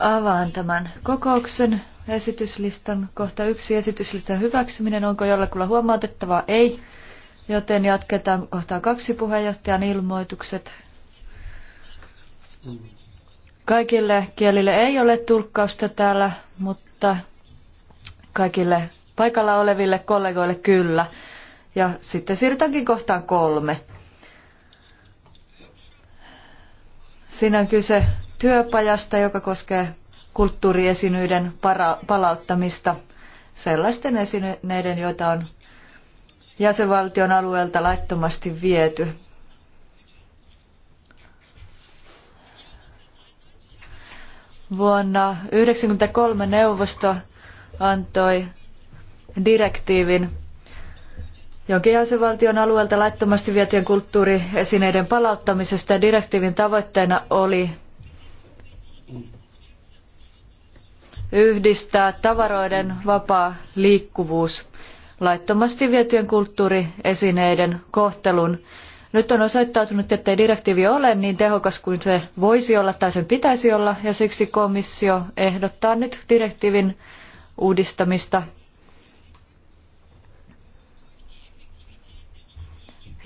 Avaan tämän kokouksen esityslistan. Kohta yksi esityslistan hyväksyminen. Onko jollakulla huomautettavaa? Ei. Joten jatketaan kohtaa kaksi puheenjohtajan ilmoitukset. Kaikille kielille ei ole tulkkausta täällä, mutta kaikille paikalla oleville kollegoille kyllä. Ja sitten siirrytäänkin kohtaan kolme. Siinä on kyse työpajasta, joka koskee kulttuuriesinyyden palauttamista sellaisten esineiden, joita on jäsenvaltion alueelta laittomasti viety. Vuonna 1993 neuvosto antoi direktiivin jonkin jäsenvaltion alueelta laittomasti vietyjen kulttuuriesineiden palauttamisesta. Direktiivin tavoitteena oli yhdistää tavaroiden vapaa liikkuvuus laittomasti vietyjen kulttuuriesineiden kohtelun. Nyt on osoittautunut, ettei direktiivi ole niin tehokas kuin se voisi olla tai sen pitäisi olla, ja siksi komissio ehdottaa nyt direktiivin uudistamista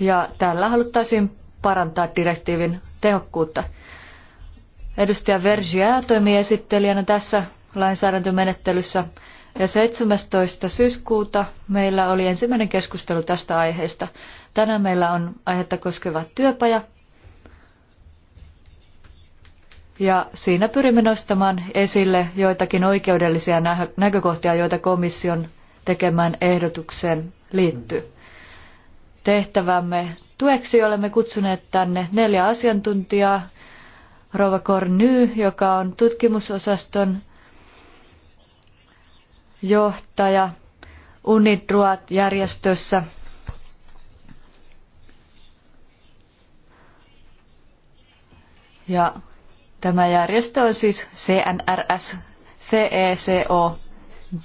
ja tällä haluttaisiin parantaa direktiivin tehokkuutta. Edustaja Vergiä toimii esittelijänä tässä lainsäädäntömenettelyssä ja 17. syyskuuta meillä oli ensimmäinen keskustelu tästä aiheesta. Tänään meillä on aihetta koskeva työpaja ja siinä pyrimme nostamaan esille joitakin oikeudellisia näkökohtia, joita komission tekemään ehdotukseen liittyy tehtävämme tueksi olemme kutsuneet tänne neljä asiantuntijaa. Rova Korny, joka on tutkimusosaston johtaja UNIDROAT-järjestössä. Ja tämä järjestö on siis CNRS, CECO,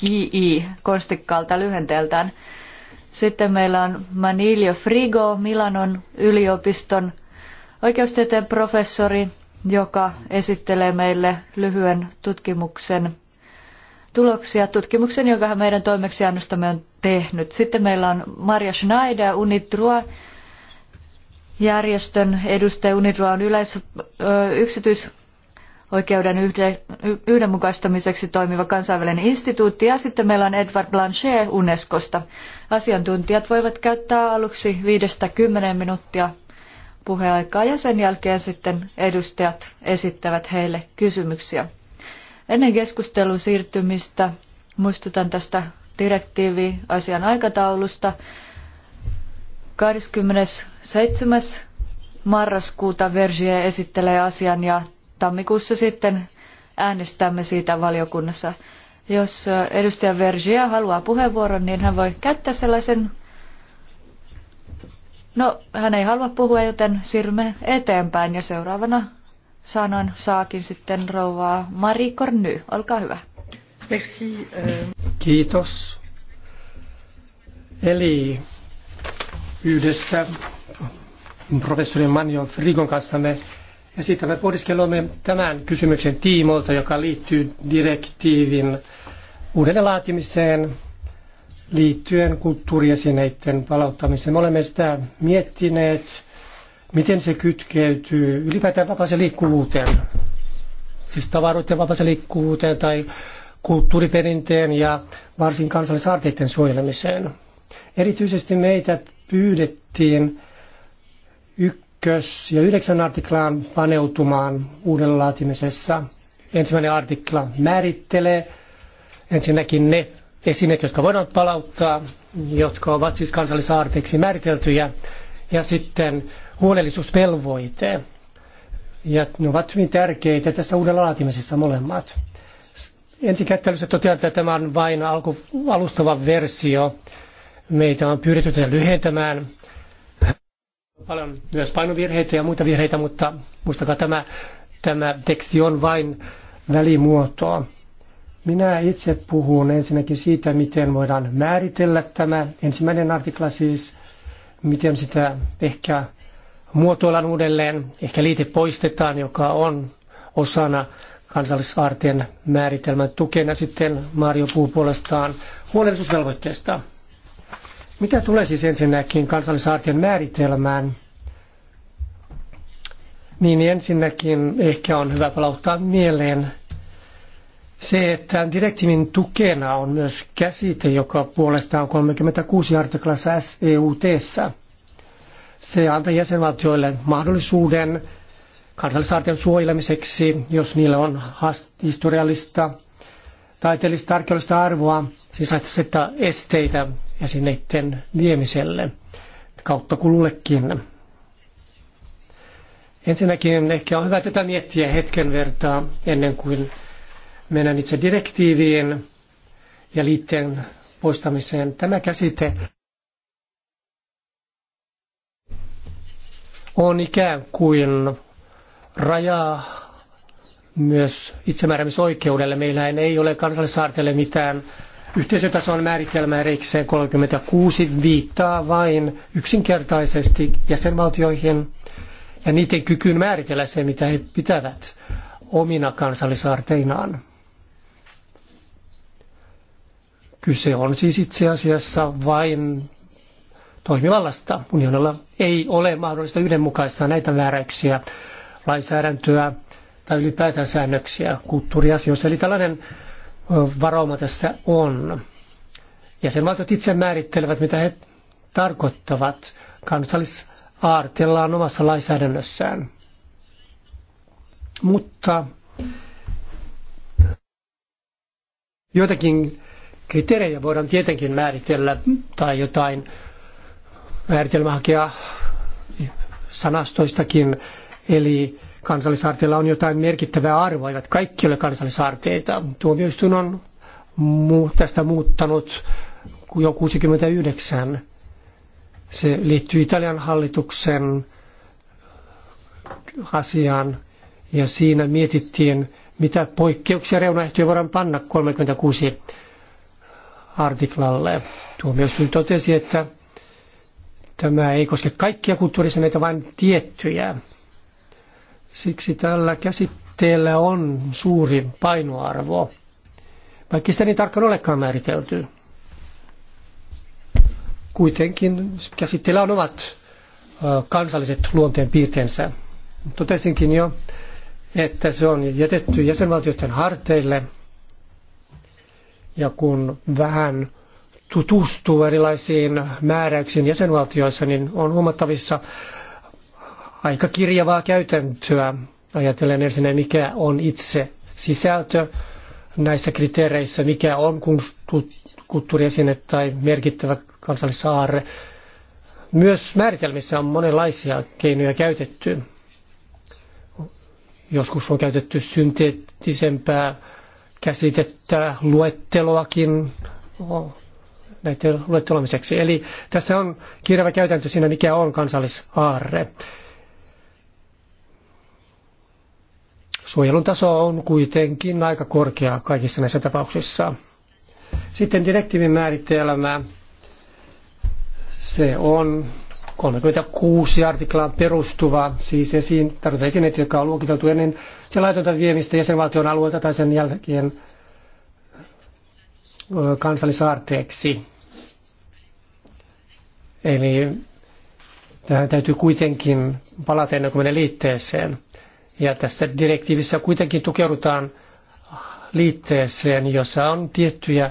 JI, konstikkaalta lyhenteeltään. Sitten meillä on Manilio Frigo, Milanon yliopiston oikeustieteen professori, joka esittelee meille lyhyen tutkimuksen tuloksia tutkimuksen, jonka hän meidän toimeksiannostamme on tehnyt. Sitten meillä on Maria Schneider, Unitrua, järjestön edustaja Unidua on yleis, ö, yksityis, oikeuden yhdenmukaistamiseksi toimiva kansainvälinen instituutti ja sitten meillä on Edward Blanchet Unescosta. Asiantuntijat voivat käyttää aluksi 5-10 minuuttia puheaikaa ja sen jälkeen sitten edustajat esittävät heille kysymyksiä. Ennen keskustelun siirtymistä muistutan tästä direktiiviasian aikataulusta. 27. marraskuuta Vergier esittelee asian ja tammikuussa sitten äänestämme siitä valiokunnassa. Jos edustaja Vergia haluaa puheenvuoron, niin hän voi käyttää sellaisen. No, hän ei halua puhua, joten siirrymme eteenpäin ja seuraavana sanan saakin sitten rouva Marie Corny. Olkaa hyvä. Merci. Kiitos. Eli yhdessä professori Manjon Frigon kanssa me me pohdiskelemme tämän kysymyksen tiimoilta, joka liittyy direktiivin uuden laatimiseen liittyen kulttuuriesineiden palauttamiseen. Me olemme sitä miettineet, miten se kytkeytyy ylipäätään vapaaseen liikkuvuuteen, siis tavaroiden vapaaseen liikkuvuuteen tai kulttuuriperinteen ja varsin kansallisaarteiden suojelemiseen. Erityisesti meitä pyydettiin ja yhdeksän artiklaan paneutumaan uuden laatimisessa. Ensimmäinen artikla määrittelee ensinnäkin ne esineet, jotka voidaan palauttaa, jotka ovat siis kansallisaarteiksi määriteltyjä, ja sitten huolellisuusvelvoite. Ja ne ovat hyvin tärkeitä tässä uuden laatimisessa molemmat. kättelyssä totean, että tämä on vain alku, alustava versio. Meitä on pyritty tätä lyhentämään paljon myös painovirheitä ja muita virheitä, mutta muistakaa tämä, tämä teksti on vain välimuotoa. Minä itse puhun ensinnäkin siitä, miten voidaan määritellä tämä ensimmäinen artikla siis, miten sitä ehkä muotoillaan uudelleen, ehkä liite poistetaan, joka on osana kansallisaarteen määritelmän tukena. Sitten Mario puhuu puolestaan huolellisuusvelvoitteesta. Mitä tulee siis ensinnäkin kansallisaartien määritelmään, niin ensinnäkin ehkä on hyvä palauttaa mieleen se, että direktiivin tukena on myös käsite, joka puolestaan on 36 artiklassa seut -sä. Se antaa jäsenvaltioille mahdollisuuden kansallisaarten suojelemiseksi, jos niillä on historiallista, taiteellista, arkeollista arvoa, siis että esteitä esineiden viemiselle kautta kulullekin. Ensinnäkin ehkä on hyvä tätä miettiä hetken vertaa ennen kuin mennään itse direktiiviin ja liitteen poistamiseen. Tämä käsite on ikään kuin rajaa myös itsemääräämisoikeudelle. Meillä ei ole kansallisaarteelle mitään Yhteisötason määritelmä erikseen 36 viittaa vain yksinkertaisesti jäsenvaltioihin ja niiden kykyyn määritellä se, mitä he pitävät omina kansallisaarteinaan. Kyse on siis itse asiassa vain toimivallasta. Unionilla ei ole mahdollista yhdenmukaistaa näitä määräyksiä, lainsäädäntöä tai ylipäätään säännöksiä kulttuuriasioissa. Eli tällainen varauma tässä on. Jäsenvaltiot itse määrittelevät, mitä he tarkoittavat. Kansallisaartellaan omassa lainsäädännössään. Mutta joitakin kriteerejä voidaan tietenkin määritellä tai jotain määritelmähakea sanastoistakin. Eli kansallisaarteilla on jotain merkittävää arvoa, eivät kaikki ole kansallisaarteita. Tuomioistuin on tästä muuttanut jo 69. Se liittyy Italian hallituksen asiaan ja siinä mietittiin, mitä poikkeuksia reunaehtoja voidaan panna 36 artiklalle. Tuomioistuin totesi, että tämä ei koske kaikkia kulttuurisaneita, vain tiettyjä. Siksi tällä käsitteellä on suuri painoarvo, vaikka sitä niin tarkkaan olekaan määritelty. Kuitenkin käsitteellä on omat kansalliset luonteen piirteensä. Totesinkin jo, että se on jätetty jäsenvaltioiden harteille. Ja kun vähän tutustuu erilaisiin määräyksiin jäsenvaltioissa, niin on huomattavissa aika kirjavaa käytäntöä. Ajatellen ensinnä, mikä on itse sisältö näissä kriteereissä, mikä on kulttuuriesine tai merkittävä kansallisaarre. Myös määritelmissä on monenlaisia keinoja käytetty. Joskus on käytetty synteettisempää käsitettä, luetteloakin näiden luettelomiseksi. Eli tässä on kirjava käytäntö siinä, mikä on kansallisaarre. Suojelun taso on kuitenkin aika korkea kaikissa näissä tapauksissa. Sitten direktiivin määritelmä. Se on 36 artiklaan perustuva, siis esiin, tarvitaan esineet, jotka on luokiteltu ennen sen laitonta viemistä jäsenvaltion alueelta tai sen jälkeen kansallisaarteeksi. Eli tähän täytyy kuitenkin palata ennen kuin menee liitteeseen. Ja tässä direktiivissä kuitenkin tukeudutaan liitteeseen, jossa on tiettyjä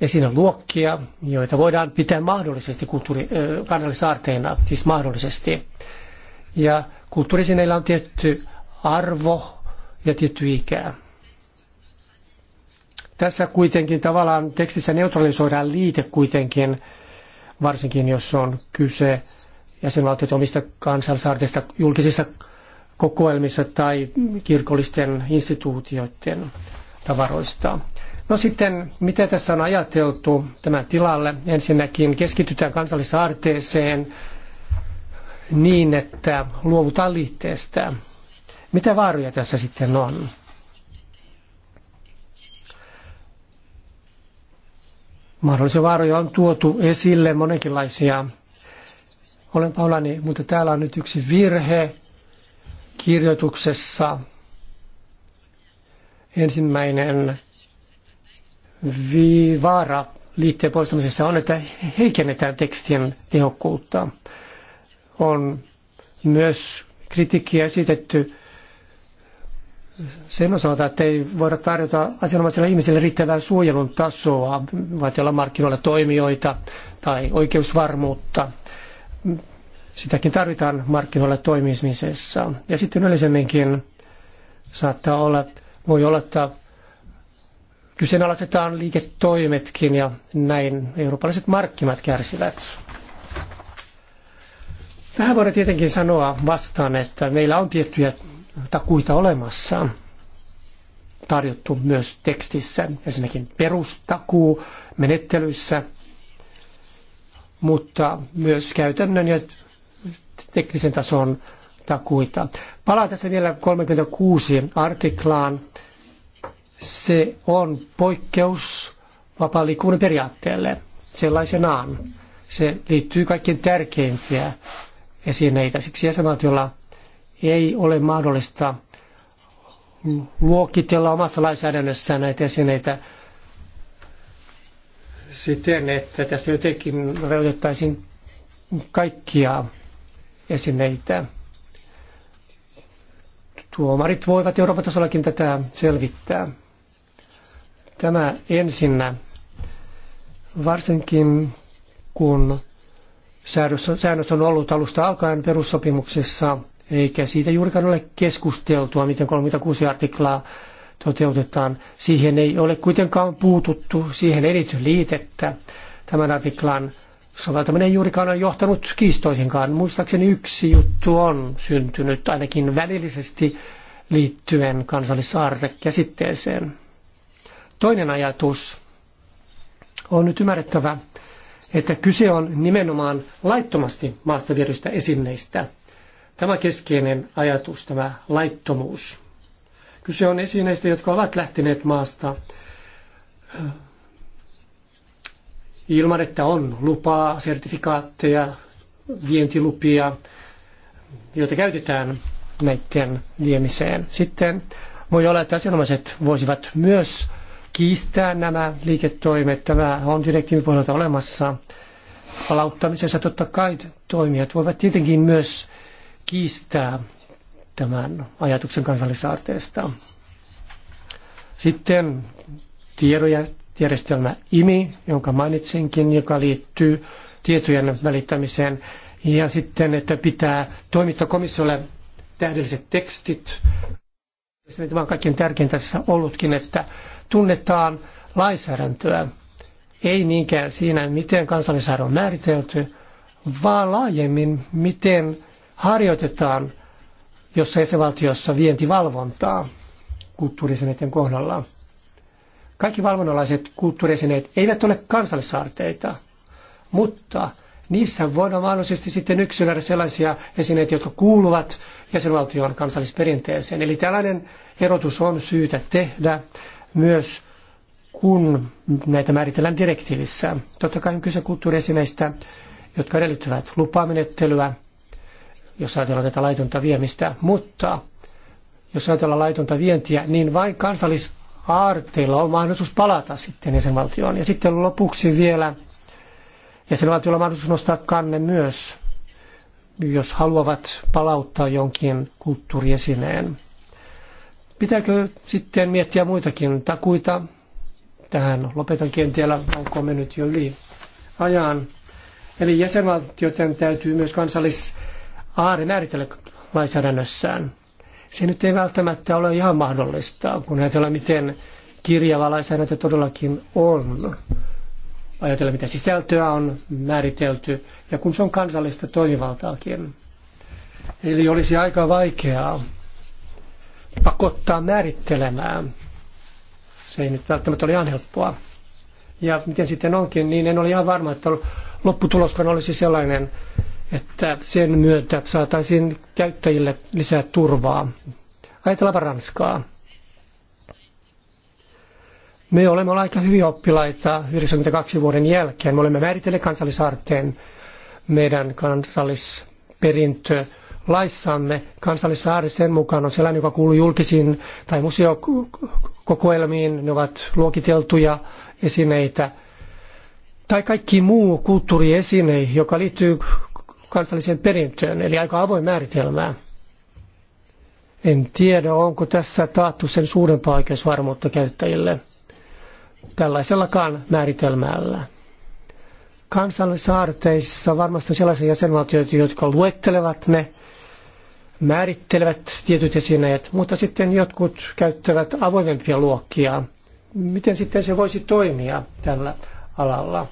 esine luokkia, joita voidaan pitää mahdollisesti kulttuuri, kansallisaarteina, siis mahdollisesti. Ja kulttuurisineillä on tietty arvo ja tietty ikä. Tässä kuitenkin tavallaan tekstissä neutralisoidaan liite kuitenkin, varsinkin jos on kyse jäsenvaltiot omista kansallisaarteista julkisissa kokoelmissa tai kirkollisten instituutioiden tavaroista. No sitten, mitä tässä on ajateltu tämän tilalle? Ensinnäkin keskitytään kansallisaarteeseen niin, että luovutaan liitteestä. Mitä vaaroja tässä sitten on? Mahdollisia vaaroja on tuotu esille monenkinlaisia. Olen Paulani, mutta täällä on nyt yksi virhe kirjoituksessa. Ensimmäinen vaara liitteen poistamisessa on, että heikennetään tekstien tehokkuutta. On myös kritiikkiä esitetty sen osalta, että ei voida tarjota asianomaisille ihmisille riittävää suojelun tasoa, olla markkinoilla toimijoita tai oikeusvarmuutta. Sitäkin tarvitaan markkinoilla toimimisessa. Ja sitten yleisemminkin saattaa olla, voi olla, että kyseenalaistetaan liiketoimetkin ja näin eurooppalaiset markkinat kärsivät. Tähän voidaan tietenkin sanoa vastaan, että meillä on tiettyjä takuita olemassa tarjottu myös tekstissä, ensinnäkin perustakuu menettelyissä, mutta myös käytännön ja teknisen tason takuita. Palaan tässä vielä 36 artiklaan. Se on poikkeus vapaan liikkuvuuden periaatteelle sellaisenaan. Se liittyy kaikkein tärkeimpiä esineitä. Siksi jäsenvaltiolla ei ole mahdollista luokitella omassa lainsäädännössään näitä esineitä siten, että tässä jotenkin rajoitettaisiin kaikkia esineitä. Tuomarit voivat Euroopan tasollakin tätä selvittää. Tämä ensinnä, varsinkin kun säännös on ollut alusta alkaen perussopimuksessa, eikä siitä juurikaan ole keskusteltua, miten 36 artiklaa toteutetaan. Siihen ei ole kuitenkaan puututtu, siihen ei liitettä tämän artiklan soveltaminen ei juurikaan ole johtanut kiistoihinkaan. Muistaakseni yksi juttu on syntynyt ainakin välillisesti liittyen kansallisaarre käsitteeseen Toinen ajatus on nyt ymmärrettävä, että kyse on nimenomaan laittomasti maasta viedystä esineistä. Tämä keskeinen ajatus, tämä laittomuus. Kyse on esineistä, jotka ovat lähteneet maasta ilman, että on lupaa, sertifikaatteja, vientilupia, joita käytetään näiden viemiseen. Sitten voi olla, että asianomaiset voisivat myös kiistää nämä liiketoimet. Tämä on direktiivin pohjalta olemassa. Palauttamisessa totta kai toimijat voivat tietenkin myös kiistää tämän ajatuksen kansallisaarteesta. Sitten tiedoja järjestelmä IMI, jonka mainitsinkin, joka liittyy tietojen välittämiseen. Ja sitten, että pitää toimittaa komissiolle tähdelliset tekstit. Se on kaikkein tärkeintä tässä ollutkin, että tunnetaan lainsäädäntöä. Ei niinkään siinä, miten kansallisarvo on määritelty, vaan laajemmin, miten harjoitetaan jossa jäsenvaltiossa vientivalvontaa kulttuurisen kohdallaan. Kaikki valvonnalaiset kulttuurisineet eivät ole kansallisaarteita, mutta niissä voidaan mahdollisesti sitten yksilöidä sellaisia esineitä, jotka kuuluvat jäsenvaltion kansallisperinteeseen. Eli tällainen erotus on syytä tehdä myös kun näitä määritellään direktiivissä. Totta kai on kyse kulttuuriesineistä, jotka edellyttävät lupamenettelyä, jos ajatellaan tätä laitonta viemistä, mutta jos ajatellaan laitonta vientiä, niin vain kansallis aarteilla on mahdollisuus palata sitten jäsenvaltioon. Ja sitten lopuksi vielä jäsenvaltiolla on mahdollisuus nostaa kanne myös, jos haluavat palauttaa jonkin kulttuuriesineen. Pitääkö sitten miettiä muitakin takuita? Tähän Lopetan kentiellä, onko mennyt jo yli ajan. Eli jäsenvaltioiden täytyy myös kansallis aari määritellä lainsäädännössään. Se nyt ei välttämättä ole ihan mahdollista, kun ajatellaan, miten kirjava lainsäädäntö todellakin on. ajatella mitä sisältöä on määritelty ja kun se on kansallista toimivaltaakin. Eli olisi aika vaikeaa pakottaa määrittelemään. Se ei nyt välttämättä ole ihan helppoa. Ja miten sitten onkin, niin en ole ihan varma, että lopputuloskaan olisi sellainen, että sen myötä saataisiin käyttäjille lisää turvaa. Ajatellaanpa Ranskaa. Me olemme olleet aika hyviä oppilaita 92 vuoden jälkeen. Me olemme määritelleet kansallisaarteen meidän kansallisperintö laissamme kansallisaari sen mukaan on sellainen, joka kuuluu julkisiin tai museokokoelmiin. Ne ovat luokiteltuja esineitä. Tai kaikki muu kulttuuriesine, joka liittyy kansalliseen perintöön, eli aika avoin määritelmää. En tiedä, onko tässä taattu sen suurempaa oikeusvarmuutta käyttäjille tällaisellakaan määritelmällä. Kansallisaarteissa varmasti on sellaisia jäsenvaltioita, jotka luettelevat ne, määrittelevät tietyt esineet, mutta sitten jotkut käyttävät avoimempia luokkia. Miten sitten se voisi toimia tällä alalla?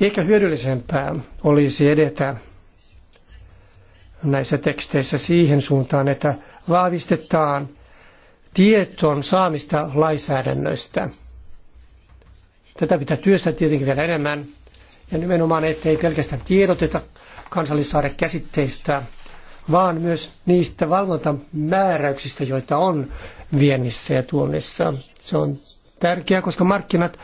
Ehkä hyödyllisempää olisi edetä näissä teksteissä siihen suuntaan, että vahvistetaan tieton saamista lainsäädännöistä. Tätä pitää työstää tietenkin vielä enemmän. Ja nimenomaan, ettei pelkästään tiedoteta kansallissaare käsitteistä, vaan myös niistä valvontamääräyksistä, joita on viennissä ja tuonnissa. Se on tärkeää, koska markkinat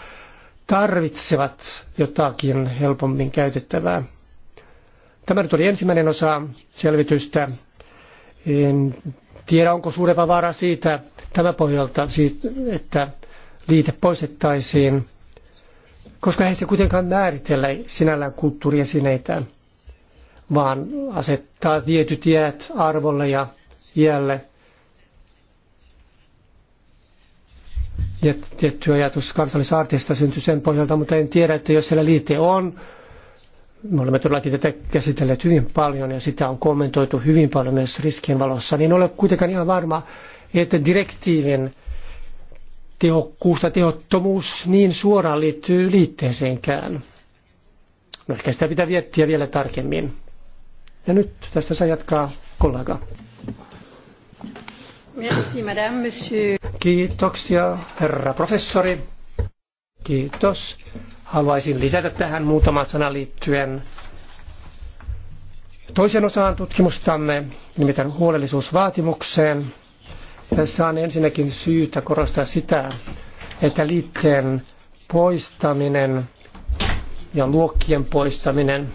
tarvitsevat jotakin helpommin käytettävää. Tämä nyt oli ensimmäinen osa selvitystä. En tiedä, onko suurempa vaara siitä tämän pohjalta, että liite poistettaisiin, koska ei se kuitenkaan määritellä sinällään kulttuuriesineitä, vaan asettaa tietyt iät arvolle ja iälle. ja tietty ajatus kansallisaarteista syntyi sen pohjalta, mutta en tiedä, että jos siellä liite on, me olemme todellakin tätä käsitelleet hyvin paljon ja sitä on kommentoitu hyvin paljon myös riskien valossa, niin olen kuitenkaan ihan varma, että direktiivin tehokkuus tai tehottomuus niin suoraan liittyy liitteeseenkään. No ehkä sitä pitää viettiä vielä tarkemmin. Ja nyt tästä saa jatkaa kollega. Merci, madame, monsieur. Kiitoksia, herra professori. Kiitos. Haluaisin lisätä tähän muutaman sanan liittyen toisen osaan tutkimustamme, nimittäin huolellisuusvaatimukseen. Tässä on ensinnäkin syytä korostaa sitä, että liitteen poistaminen ja luokkien poistaminen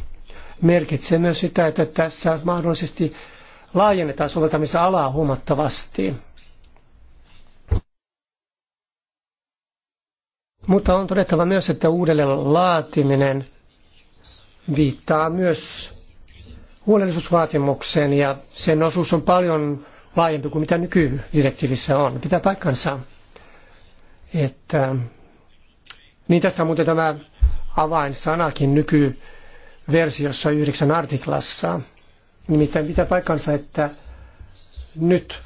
merkitsee myös sitä, että tässä mahdollisesti laajennetaan alaa huomattavasti. Mutta on todettava myös, että uudelleen laatiminen viittaa myös huolellisuusvaatimukseen ja sen osuus on paljon laajempi kuin mitä nykydirektiivissä on. Pitää paikkansa, että niin tässä on muuten tämä avainsanakin nykyversiossa yhdeksän artiklassa – Nimittäin pitää paikkansa, että nyt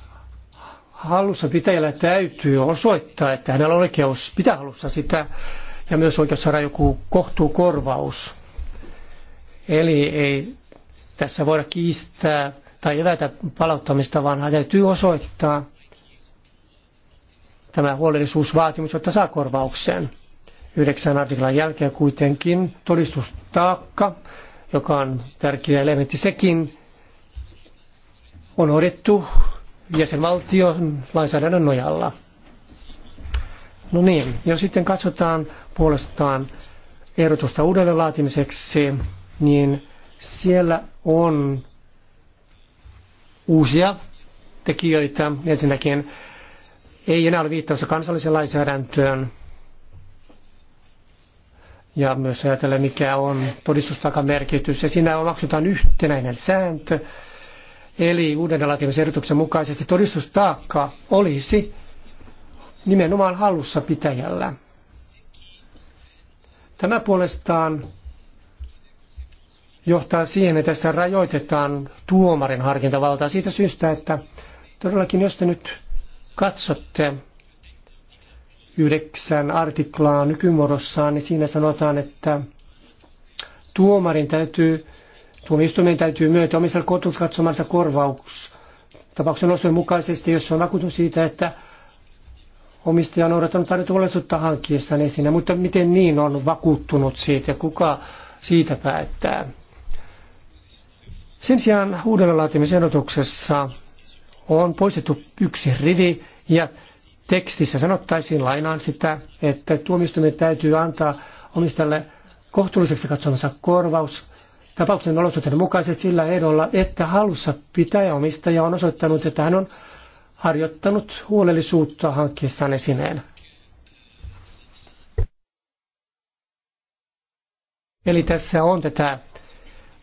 hallussa pitäjällä täytyy osoittaa, että hänellä on oikeus pitää hallussa sitä ja myös oikeus saada joku kohtuukorvaus. Eli ei tässä voida kiistää tai evätä palauttamista, vaan hän täytyy osoittaa tämä huolellisuusvaatimus, jotta saa korvauksen. Yhdeksän artiklan jälkeen kuitenkin todistustaakka, joka on tärkeä elementti sekin, on hoidettu jäsenvaltion lainsäädännön nojalla. No niin, jos sitten katsotaan puolestaan ehdotusta uudelleen laatimiseksi, niin siellä on uusia tekijöitä. Ensinnäkin ei enää ole viittausta kansalliseen lainsäädäntöön. Ja myös ajatella, mikä on todistustakamerkitys. Ja siinä omaksutaan yhtenäinen sääntö, Eli uuden uudelleenlaatimisehdotuksen mukaisesti todistustaakka olisi nimenomaan hallussa pitäjällä. Tämä puolestaan johtaa siihen, että tässä rajoitetaan tuomarin harkintavaltaa siitä syystä, että todellakin jos te nyt katsotte yhdeksän artiklaa nykymuodossaan, niin siinä sanotaan, että tuomarin täytyy Tuomioistuimen täytyy myöntää omissa kohtuus katsomansa korvaus tapauksen osuuden mukaisesti, jos on vakuutunut siitä, että omistaja on noudattanut tarjottu huolellisuutta hankkiessaan esinä, mutta miten niin on vakuuttunut siitä, kuka siitä päättää. Sen sijaan uudelleenlaatimisehdotuksessa on poistettu yksi rivi ja tekstissä sanottaisiin lainaan sitä, että tuomioistuimen täytyy antaa omistajalle kohtuulliseksi katsomansa korvaus tapauksen olosuhteiden mukaiset sillä ehdolla, että halussa pitäjä omistaja on osoittanut, että hän on harjoittanut huolellisuutta hankkeessaan esineen. Eli tässä on tätä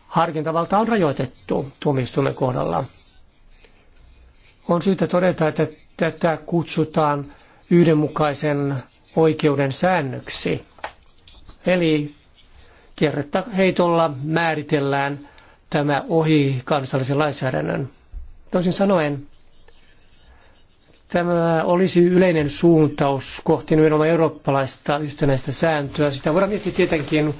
harkintavaltaa on rajoitettu tuomioistuimen kohdalla. On syytä todeta, että tätä kutsutaan yhdenmukaisen oikeuden säännöksi. Eli kerretta heitolla määritellään tämä ohi kansallisen lainsäädännön. Toisin sanoen, tämä olisi yleinen suuntaus kohti nimenomaan eurooppalaista yhtenäistä sääntöä. Sitä voidaan miettiä tietenkin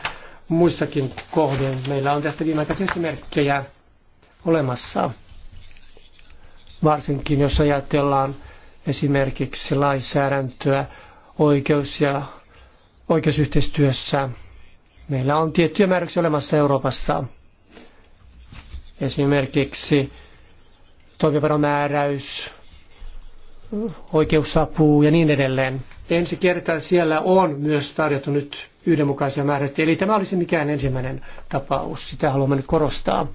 muissakin kohden. Meillä on tästä viimeaikaisia esimerkkejä olemassa, varsinkin jos ajatellaan esimerkiksi lainsäädäntöä oikeus- ja oikeusyhteistyössä – Meillä on tiettyjä määräyksiä olemassa Euroopassa. Esimerkiksi toimivaromääräys, oikeusapu ja niin edelleen. Ensi kertaa siellä on myös tarjottu nyt yhdenmukaisia määräyksiä. Eli tämä olisi mikään ensimmäinen tapaus. Sitä haluamme nyt korostaa.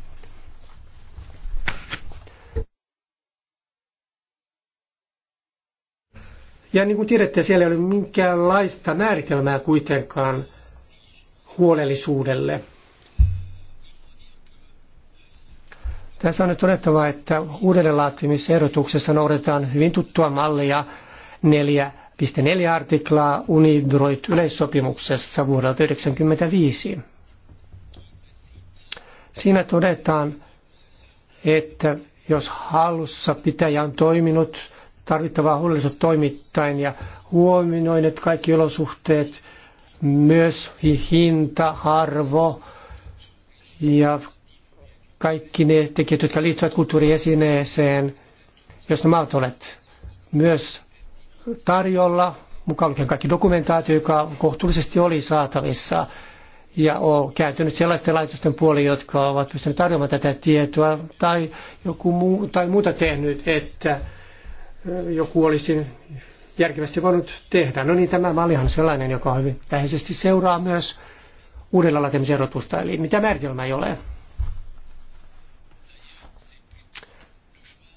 Ja niin kuin tiedätte, siellä ei ole minkäänlaista määritelmää kuitenkaan huolellisuudelle. Tässä on nyt todettava, että uudelleenlaatimisehdotuksessa noudatetaan hyvin tuttua mallia 4.4 artiklaa Unidroit yleissopimuksessa vuodelta 1995. Siinä todetaan, että jos hallussa pitäjä on toiminut tarvittavaa huolellisuutta toimittain ja huomioinut kaikki olosuhteet, myös hinta, arvo ja kaikki ne tekijät, jotka liittyvät kulttuuriesineeseen, jos nämä olet myös tarjolla, mukaan lukien kaikki dokumentaatio, joka kohtuullisesti oli saatavissa, ja on kääntynyt sellaisten laitosten puoleen, jotka ovat pystyneet tarjoamaan tätä tietoa, tai joku muu, tai muuta tehnyt, että joku olisi järkevästi voinut tehdä. No niin, tämä malli on sellainen, joka hyvin läheisesti seuraa myös uudella laatimisen erotusta, eli mitä määritelmä ei ole.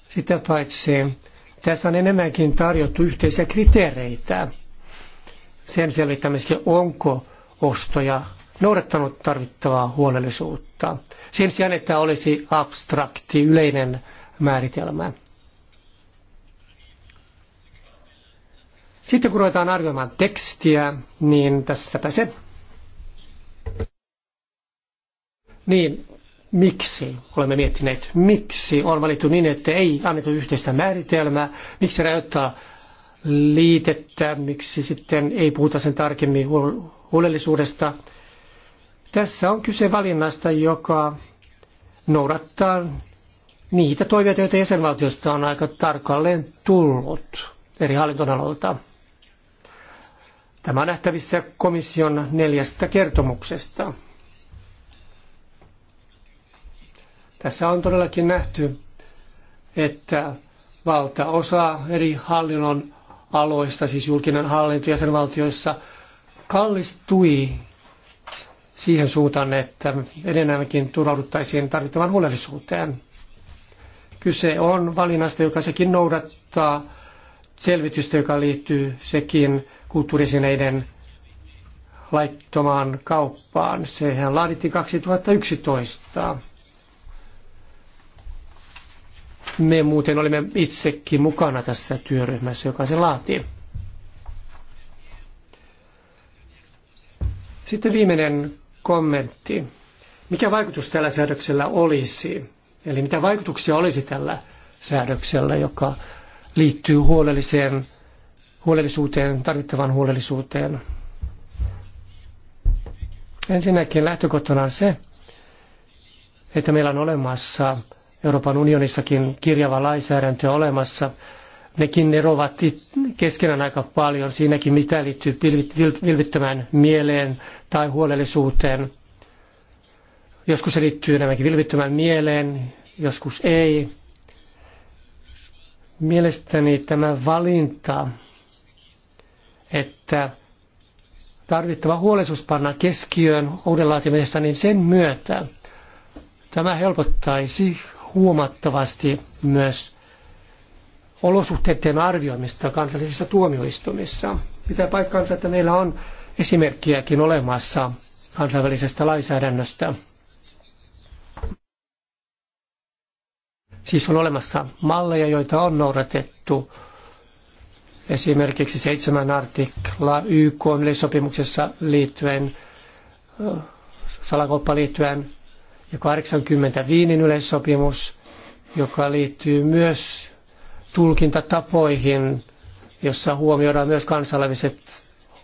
Sitä paitsi tässä on enemmänkin tarjottu yhteisiä kriteereitä sen selvittämiseksi, onko ostoja noudattanut tarvittavaa huolellisuutta. Sen sijaan, että olisi abstrakti yleinen määritelmä. Sitten kun ruvetaan arvioimaan tekstiä, niin tässäpä se. Niin, miksi olemme miettineet, miksi on valittu niin, että ei annettu yhteistä määritelmää, miksi rajoittaa liitettä, miksi sitten ei puhuta sen tarkemmin huolellisuudesta. Tässä on kyse valinnasta, joka noudattaa niitä toiveita, joita jäsenvaltiosta on aika tarkalleen tullut eri hallintonaloilta. Tämä on nähtävissä komission neljästä kertomuksesta. Tässä on todellakin nähty, että valtaosa eri hallinnon aloista, siis julkinen hallinto jäsenvaltioissa, kallistui siihen suuntaan, että enemmänkin turvauduttaisiin tarvittavan huolellisuuteen. Kyse on valinnasta, joka sekin noudattaa selvitystä, joka liittyy sekin kulttuurisineiden laittomaan kauppaan. Sehän laadittiin 2011. Me muuten olimme itsekin mukana tässä työryhmässä, joka se laati. Sitten viimeinen kommentti. Mikä vaikutus tällä säädöksellä olisi? Eli mitä vaikutuksia olisi tällä säädöksellä, joka liittyy huolelliseen, huolellisuuteen, tarvittavaan huolellisuuteen. Ensinnäkin lähtökohtana on se, että meillä on olemassa Euroopan unionissakin kirjava lainsäädäntö olemassa. Nekin eroavat keskenään aika paljon siinäkin, mitä liittyy vilvittömään mieleen tai huolellisuuteen. Joskus se liittyy enemmänkin vilvittömään mieleen, joskus ei. Mielestäni tämä valinta, että tarvittava huolellisuus panna keskiöön uuden laatimisessa, niin sen myötä tämä helpottaisi huomattavasti myös olosuhteiden arvioimista kansallisissa tuomioistuimissa. Pitää paikkaansa, että meillä on esimerkkiäkin olemassa kansainvälisestä lainsäädännöstä, Siis on olemassa malleja, joita on noudatettu. Esimerkiksi seitsemän artikla YK on yleissopimuksessa liittyen, salakauppa liittyen ja 80 Viinin yleissopimus, joka liittyy myös tulkintatapoihin, jossa huomioidaan myös kansainväliset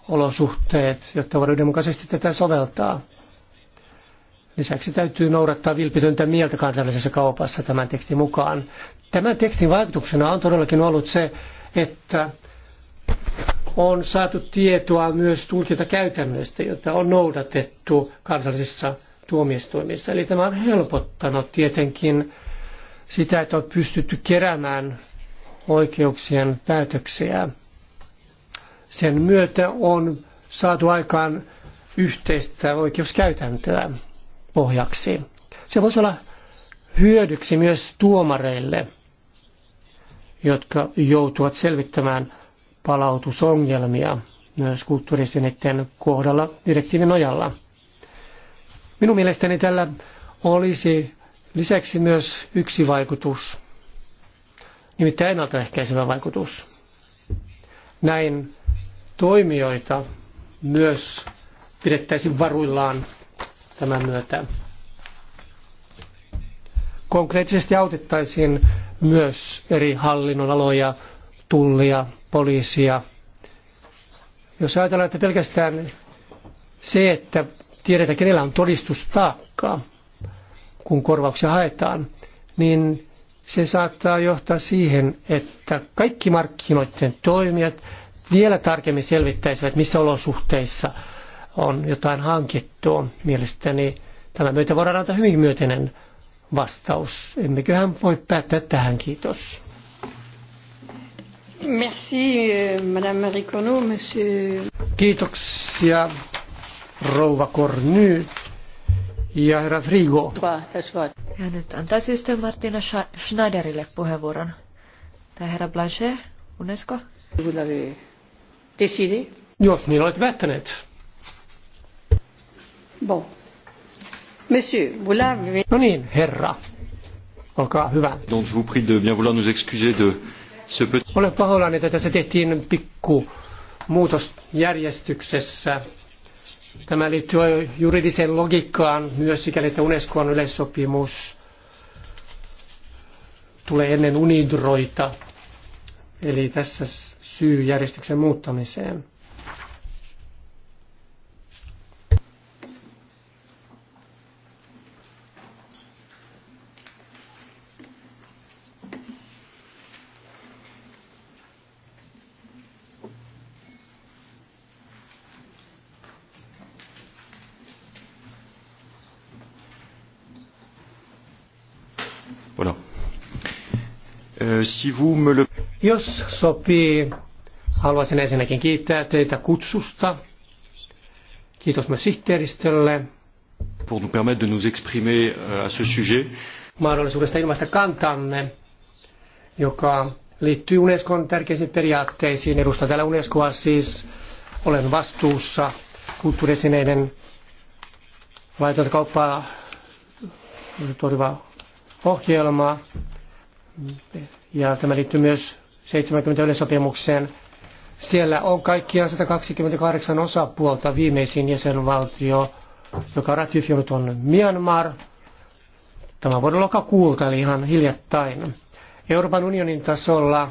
olosuhteet, jotta voidaan yhdenmukaisesti tätä soveltaa. Lisäksi täytyy noudattaa vilpitöntä mieltä kansallisessa kaupassa tämän tekstin mukaan. Tämän tekstin vaikutuksena on todellakin ollut se, että on saatu tietoa myös käytännöistä, jota on noudatettu kansallisissa tuomioistuimissa. Eli tämä on helpottanut tietenkin sitä, että on pystytty keräämään oikeuksien päätöksiä. Sen myötä on saatu aikaan yhteistä oikeuskäytäntöä pohjaksi. Se voisi olla hyödyksi myös tuomareille, jotka joutuvat selvittämään palautusongelmia myös kulttuurisineiden kohdalla direktiivin nojalla. Minun mielestäni tällä olisi lisäksi myös yksi vaikutus, nimittäin ennaltaehkäisevä vaikutus. Näin toimijoita myös pidettäisiin varuillaan tämän myötä. Konkreettisesti autettaisiin myös eri hallinnonaloja, tullia, poliisia. Jos ajatellaan, että pelkästään se, että tiedetään, kenellä on todistustaakkaa, kun korvauksia haetaan, niin se saattaa johtaa siihen, että kaikki markkinoiden toimijat vielä tarkemmin selvittäisivät, missä olosuhteissa on jotain hankittu. Mielestäni tämä myötä voidaan antaa hyvin myönteinen vastaus. Emmeköhän voi päättää tähän. Kiitos. Merci, Madame Ricono, Monsieur. Kiitoksia, Rouva Corny ja herra Frigo. Ja nyt antaisin sitten Martina Schneiderille puheenvuoron. Tai herra Blanchet, UNESCO. Jos niin olet väittäneet. Bon. Monsieur, vous l'avez... No niin, herra. Olkaa hyvä. Donc je vous prie de bien vouloir nous excuser de ce petit... Olen pahoillani, että tässä tehtiin pikku muutos järjestyksessä. Tämä liittyy juridiseen logiikkaan myös sikäli, että Unescon yleissopimus tulee ennen unidroita. Eli tässä syy järjestyksen muuttamiseen. Jos sopii, haluaisin ensinnäkin kiittää teitä kutsusta. Kiitos myös sihteeristölle. Pour nous permettre de nous exprimer euh, à ce sujet. Mahdollisuudesta ilmaista kantamme, joka liittyy Unescon tärkeisiin periaatteisiin. Edustan täällä Unescoa siis. Olen vastuussa kulttuuriesineiden laitonta kauppaa torjuva ohjelma ja tämä liittyy myös 70 yleisopimukseen. Siellä on kaikkiaan 128 osapuolta viimeisin jäsenvaltio, joka on ratifioinut on Myanmar. Tämä vuoden lokakuulta, eli ihan hiljattain. Euroopan unionin tasolla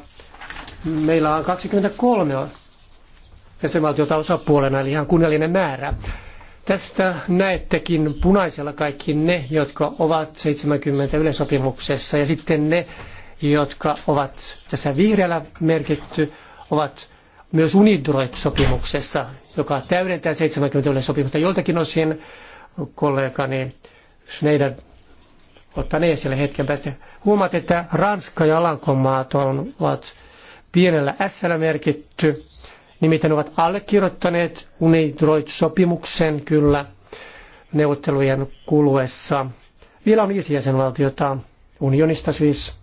meillä on 23 jäsenvaltiota osapuolena, eli ihan kunnallinen määrä. Tästä näettekin punaisella kaikki ne, jotka ovat 70 yleisopimuksessa, ja sitten ne, jotka ovat tässä vihreällä merkitty, ovat myös UNIDROIT-sopimuksessa, joka täydentää 70 sopimusta. Joltakin osin kollegani Schneider ottaa esille hetken päästä. Huomaat, että Ranska ja Alankomaat ovat pienellä s merkitty. Nimittäin ovat allekirjoittaneet UNIDROIT-sopimuksen kyllä neuvottelujen kuluessa. Vielä on viisi jäsenvaltiota, unionista siis,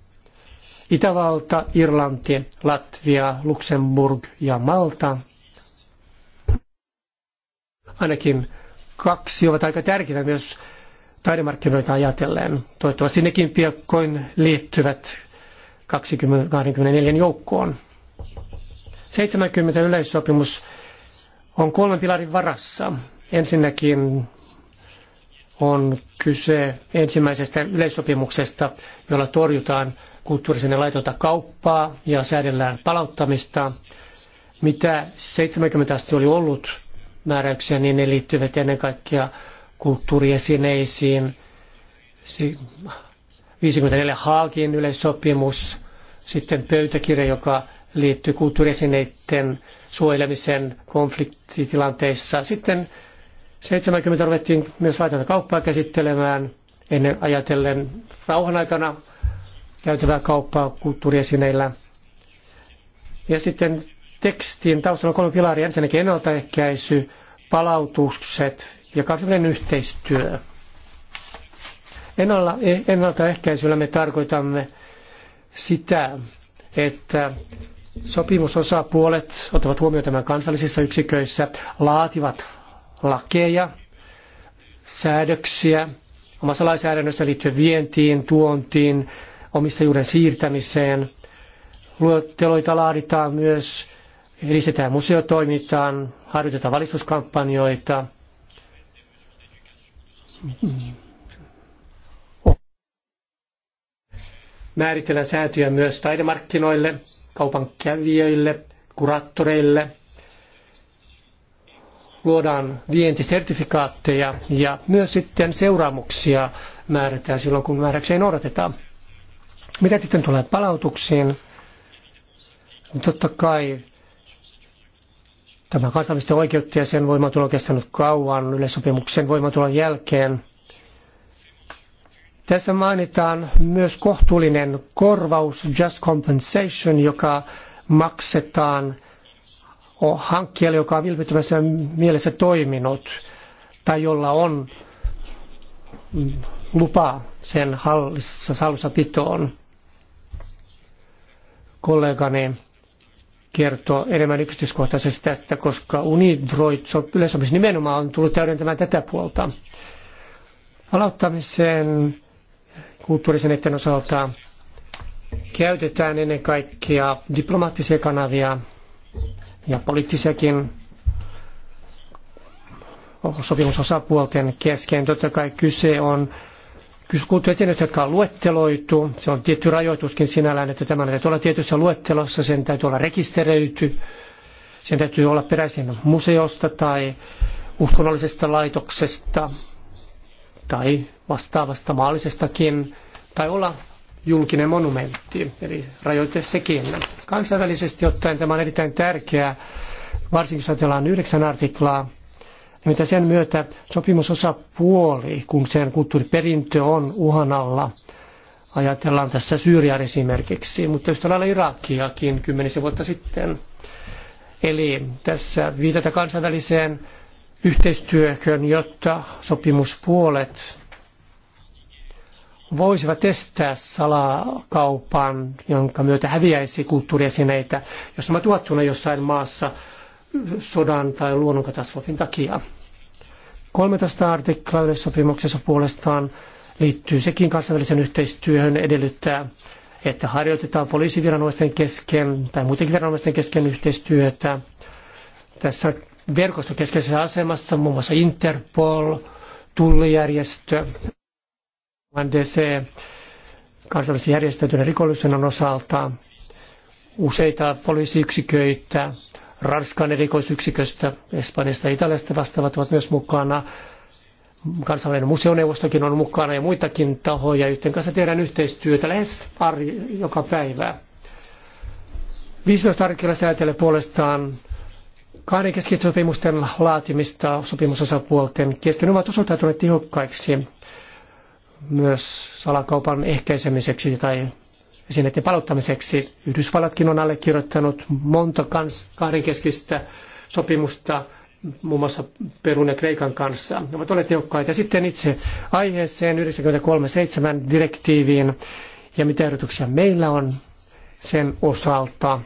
Itävalta, Irlanti, Latvia, Luxemburg ja Malta. Ainakin kaksi ovat aika tärkeitä myös taidemarkkinoita ajatellen. Toivottavasti nekin piakkoin liittyvät 20, joukkoon. 70 yleissopimus on kolmen pilarin varassa. Ensinnäkin on kyse ensimmäisestä yleissopimuksesta, jolla torjutaan kulttuurisen laitonta kauppaa ja säädellään palauttamista. Mitä 70 asti oli ollut määräyksiä, niin ne liittyvät ennen kaikkea kulttuuriesineisiin. 54 Haagin yleissopimus, sitten pöytäkirja, joka liittyy kulttuuriesineiden suojelemiseen konfliktitilanteissa. Sitten 70 ruvettiin myös laitonta kauppaa käsittelemään, ennen ajatellen rauhan aikana käytävää kauppaa kulttuuriesineillä. Ja sitten tekstin taustalla on kolme pilaria, ensinnäkin ennaltaehkäisy, palautukset ja kansainvälinen yhteistyö. E- ennaltaehkäisyllä me tarkoitamme sitä, että sopimusosapuolet ottavat huomioon tämän kansallisissa yksiköissä, laativat lakeja, säädöksiä omassa lainsäädännössä liittyen vientiin, tuontiin, omistajuuden siirtämiseen. Luetteloita laaditaan myös, edistetään museotoimintaan, harjoitetaan valistuskampanjoita, määritellään sääntöjä myös taidemarkkinoille, kaupan kävijöille, kuraattoreille – luodaan vientisertifikaatteja ja myös sitten seuraamuksia määrätään silloin, kun määräyksiä ei noudateta. Mitä sitten tulee palautuksiin? Totta kai tämä kansallisten oikeutta ja sen voimaantulo on kestänyt kauan yleissopimuksen voimaantulon jälkeen. Tässä mainitaan myös kohtuullinen korvaus, just compensation, joka maksetaan – hankkijalle, joka on vilpittömässä mielessä toiminut tai jolla on lupa sen hallissa, hallussapitoon. Kollegani kertoo enemmän yksityiskohtaisesti tästä, koska Unidroid yleisopimus nimenomaan on tullut täydentämään tätä puolta. Aloittamisen kulttuurisen etten osalta käytetään ennen kaikkea diplomaattisia kanavia, ja poliittisiakin sopimusosapuolten kesken. Totta kai kyse on kulttuuriesineistä, jotka on luetteloitu. Se on tietty rajoituskin sinällään, että tämä täytyy olla tietyssä luettelossa, sen täytyy olla rekisteröity, sen täytyy olla peräisin museosta tai uskonnollisesta laitoksesta tai vastaavasta maallisestakin, tai olla julkinen monumentti, eli rajoite sekin. Kansainvälisesti ottaen tämä on erittäin tärkeää, varsinkin jos ajatellaan yhdeksän artiklaa, mitä sen myötä sopimusosapuoli, kun sen kulttuuriperintö on uhan alla, ajatellaan tässä Syyrian esimerkiksi, mutta yhtä lailla Irakiakin kymmenisen vuotta sitten. Eli tässä viitata kansainväliseen yhteistyöhön, jotta sopimuspuolet voisivat estää salakaupan, jonka myötä häviäisi kulttuuriesineitä, jos ovat tuottuna jossain maassa sodan tai luonnonkatastrofin takia. 13 artikla yleissopimuksessa puolestaan liittyy sekin kansainvälisen yhteistyöhön edellyttää, että harjoitetaan poliisiviranomaisten kesken tai muidenkin viranomaisten kesken yhteistyötä. Tässä verkostokeskeisessä asemassa muun muassa Interpol, tullijärjestö, UNDC kansallisen järjestäytyneen rikollisuuden osalta, useita poliisiyksiköitä, Ranskan erikoisyksiköstä, Espanjasta ja Italiasta vastaavat ovat myös mukana. Kansainvälinen museoneuvostokin on mukana ja muitakin tahoja, joiden kanssa tehdään yhteistyötä lähes arvi, joka päivä. 15 artikla säätelee puolestaan kahden keskeisten sopimusten laatimista sopimusosapuolten kesken ovat osoittautuneet tehokkaiksi myös salakaupan ehkäisemiseksi tai esineiden palauttamiseksi. Yhdysvallatkin on allekirjoittanut monta kans, kahdenkeskistä sopimusta muun muassa Perun ja Kreikan kanssa. Ne ovat olleet tehokkaita. Sitten itse aiheeseen 93.7 direktiiviin ja mitä ehdotuksia meillä on sen osalta.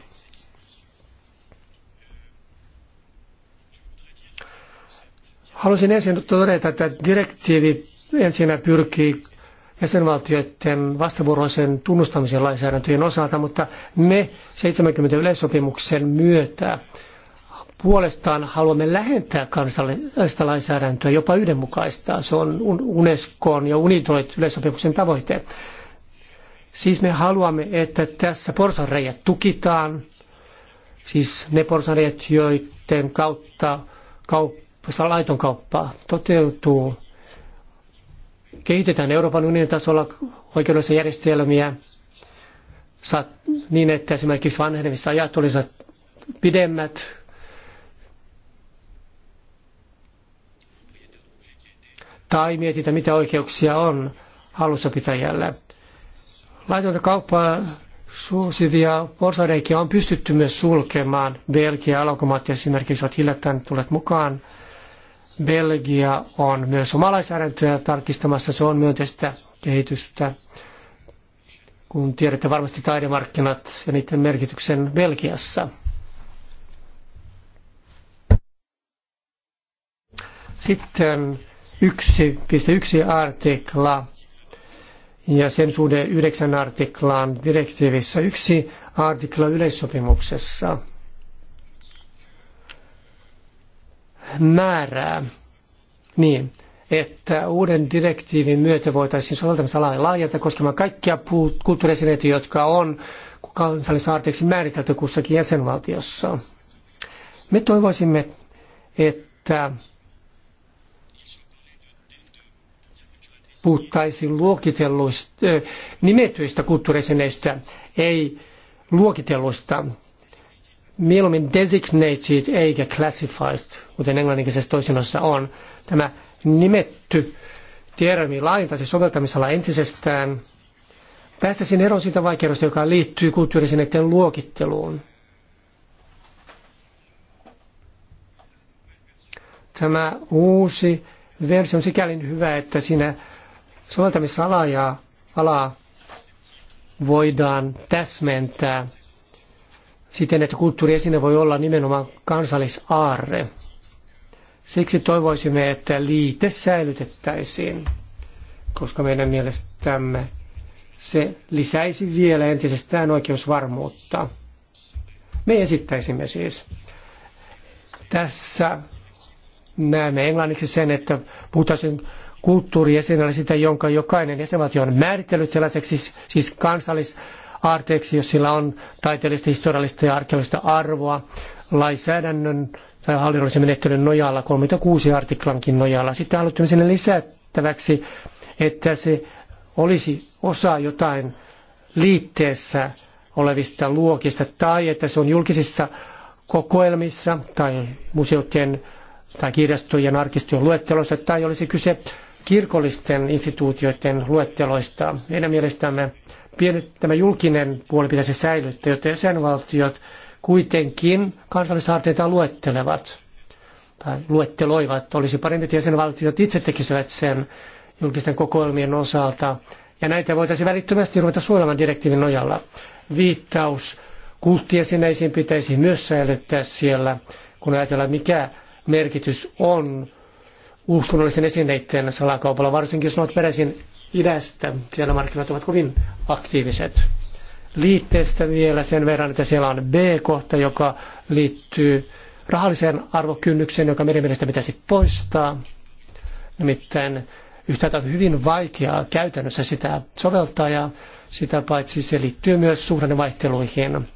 Haluaisin ensin todeta, että direktiivi ensinnä pyrkii jäsenvaltioiden vastavuoroisen tunnustamisen lainsäädäntöjen osalta, mutta me 70 yleissopimuksen myötä puolestaan haluamme lähentää kansallista lainsäädäntöä, jopa yhdenmukaistaa. Se on Unescon ja Unitoit yleissopimuksen tavoite. Siis me haluamme, että tässä porsanreijät tukitaan, siis ne porsanreijät, joiden kautta kauppa, laiton kauppa toteutuu, kehitetään Euroopan unionin tasolla oikeudellisia järjestelmiä niin, että esimerkiksi vanhenevissa ajat olisivat pidemmät. Tai mietitään, mitä oikeuksia on hallussapitäjällä. Laitonta kauppaa suosivia porsareikiä on pystytty myös sulkemaan. Belgia ja Alankomaat esimerkiksi ovat hiljattain tulleet mukaan Belgia on myös oma lainsäädäntöä tarkistamassa, se on myönteistä kehitystä, kun tiedätte varmasti taidemarkkinat ja niiden merkityksen Belgiassa. Sitten 1.1 artikla ja sen suhde 9 artiklaan direktiivissä. Yksi artikla yleissopimuksessa – määrää niin, että uuden direktiivin myötä voitaisiin soveltamisalaa laajentaa koskemaan kaikkia kulttuurisineitä, jotka on kansallisaarteeksi määritelty kussakin jäsenvaltiossa. Me toivoisimme, että puhuttaisiin luokitelluista, nimetyistä kulttuurisineistä, ei luokitelluista mieluummin designated eikä classified, kuten englanninkisessä toisinnossa on. Tämä nimetty termi laajentaisi soveltamisala entisestään. Päästäisiin eroon siitä vaikeudesta, joka liittyy kulttuurisineiden luokitteluun. Tämä uusi versio on sikäli hyvä, että siinä soveltamisalaa ja alaa voidaan täsmentää – siten, että kulttuuriesine voi olla nimenomaan kansallisaarre. Siksi toivoisimme, että liite säilytettäisiin, koska meidän mielestämme se lisäisi vielä entisestään oikeusvarmuutta. Me esittäisimme siis. Tässä näemme englanniksi sen, että puhutaan kulttuuriesineellä sitä, jonka jokainen jäsenvaltio on määritellyt sellaiseksi, siis kansallis aarteeksi, jos sillä on taiteellista, historiallista ja arkeologista arvoa lainsäädännön tai hallinnollisen menettelyn nojalla, 36 artiklankin nojalla. Sitten haluttiin sinne lisättäväksi, että se olisi osa jotain liitteessä olevista luokista tai että se on julkisissa kokoelmissa tai museoiden tai kirjastojen arkistojen luetteloista tai olisi kyse kirkollisten instituutioiden luetteloista. Meidän mielestämme pienet, tämä julkinen puoli pitäisi säilyttää, jotta jäsenvaltiot kuitenkin kansallisaarteita luettelevat tai luetteloivat. Olisi parempi, että jäsenvaltiot itse tekisivät sen julkisten kokoelmien osalta. Ja näitä voitaisiin välittömästi ruveta suojelemaan direktiivin nojalla. Viittaus kulttiesineisiin pitäisi myös säilyttää siellä, kun ajatellaan mikä merkitys on uskonnollisen esineiden salakaupalla, varsinkin jos ne ovat peräisin idästä. Siellä markkinat ovat kovin aktiiviset. Liitteestä vielä sen verran, että siellä on B-kohta, joka liittyy rahalliseen arvokynnykseen, joka meidän mielestä pitäisi poistaa. Nimittäin yhtäältä on hyvin vaikeaa käytännössä sitä soveltaa ja sitä paitsi se liittyy myös suhdannevaihteluihin.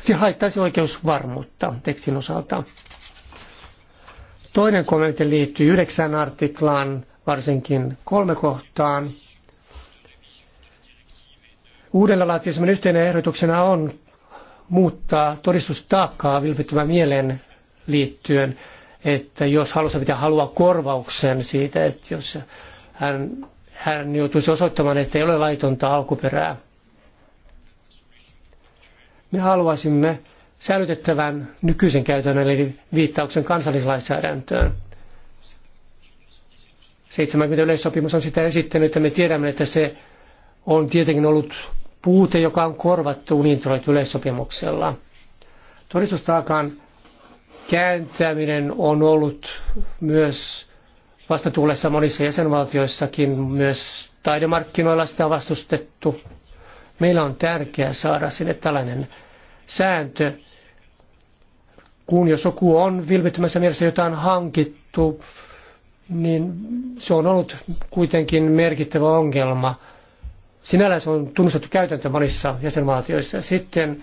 Se haittaisi oikeusvarmuutta tekstin osalta. Toinen kommentti liittyy yhdeksän artiklaan varsinkin kolme kohtaan. Uudella laatiisemman yhteinen ehdotuksena on muuttaa todistustaakkaa vilpittömän mielen liittyen, että jos halusi pitää halua korvauksen siitä, että jos hän, hän joutuisi osoittamaan, että ei ole laitonta alkuperää. Me haluaisimme säilytettävän nykyisen käytännön eli viittauksen kansallislainsäädäntöön. 70 yleissopimus on sitä esittänyt, että me tiedämme, että se on tietenkin ollut puute, joka on korvattu Unintroit yleissopimuksella. Todistustaakan kääntäminen on ollut myös vastatuulessa monissa jäsenvaltioissakin, myös taidemarkkinoilla sitä on vastustettu. Meillä on tärkeää saada sinne tällainen sääntö, kun jos joku on vilpittömässä mielessä jotain hankittu, niin se on ollut kuitenkin merkittävä ongelma. Sinällään se on tunnustettu käytäntö monissa jäsenvaltioissa. Sitten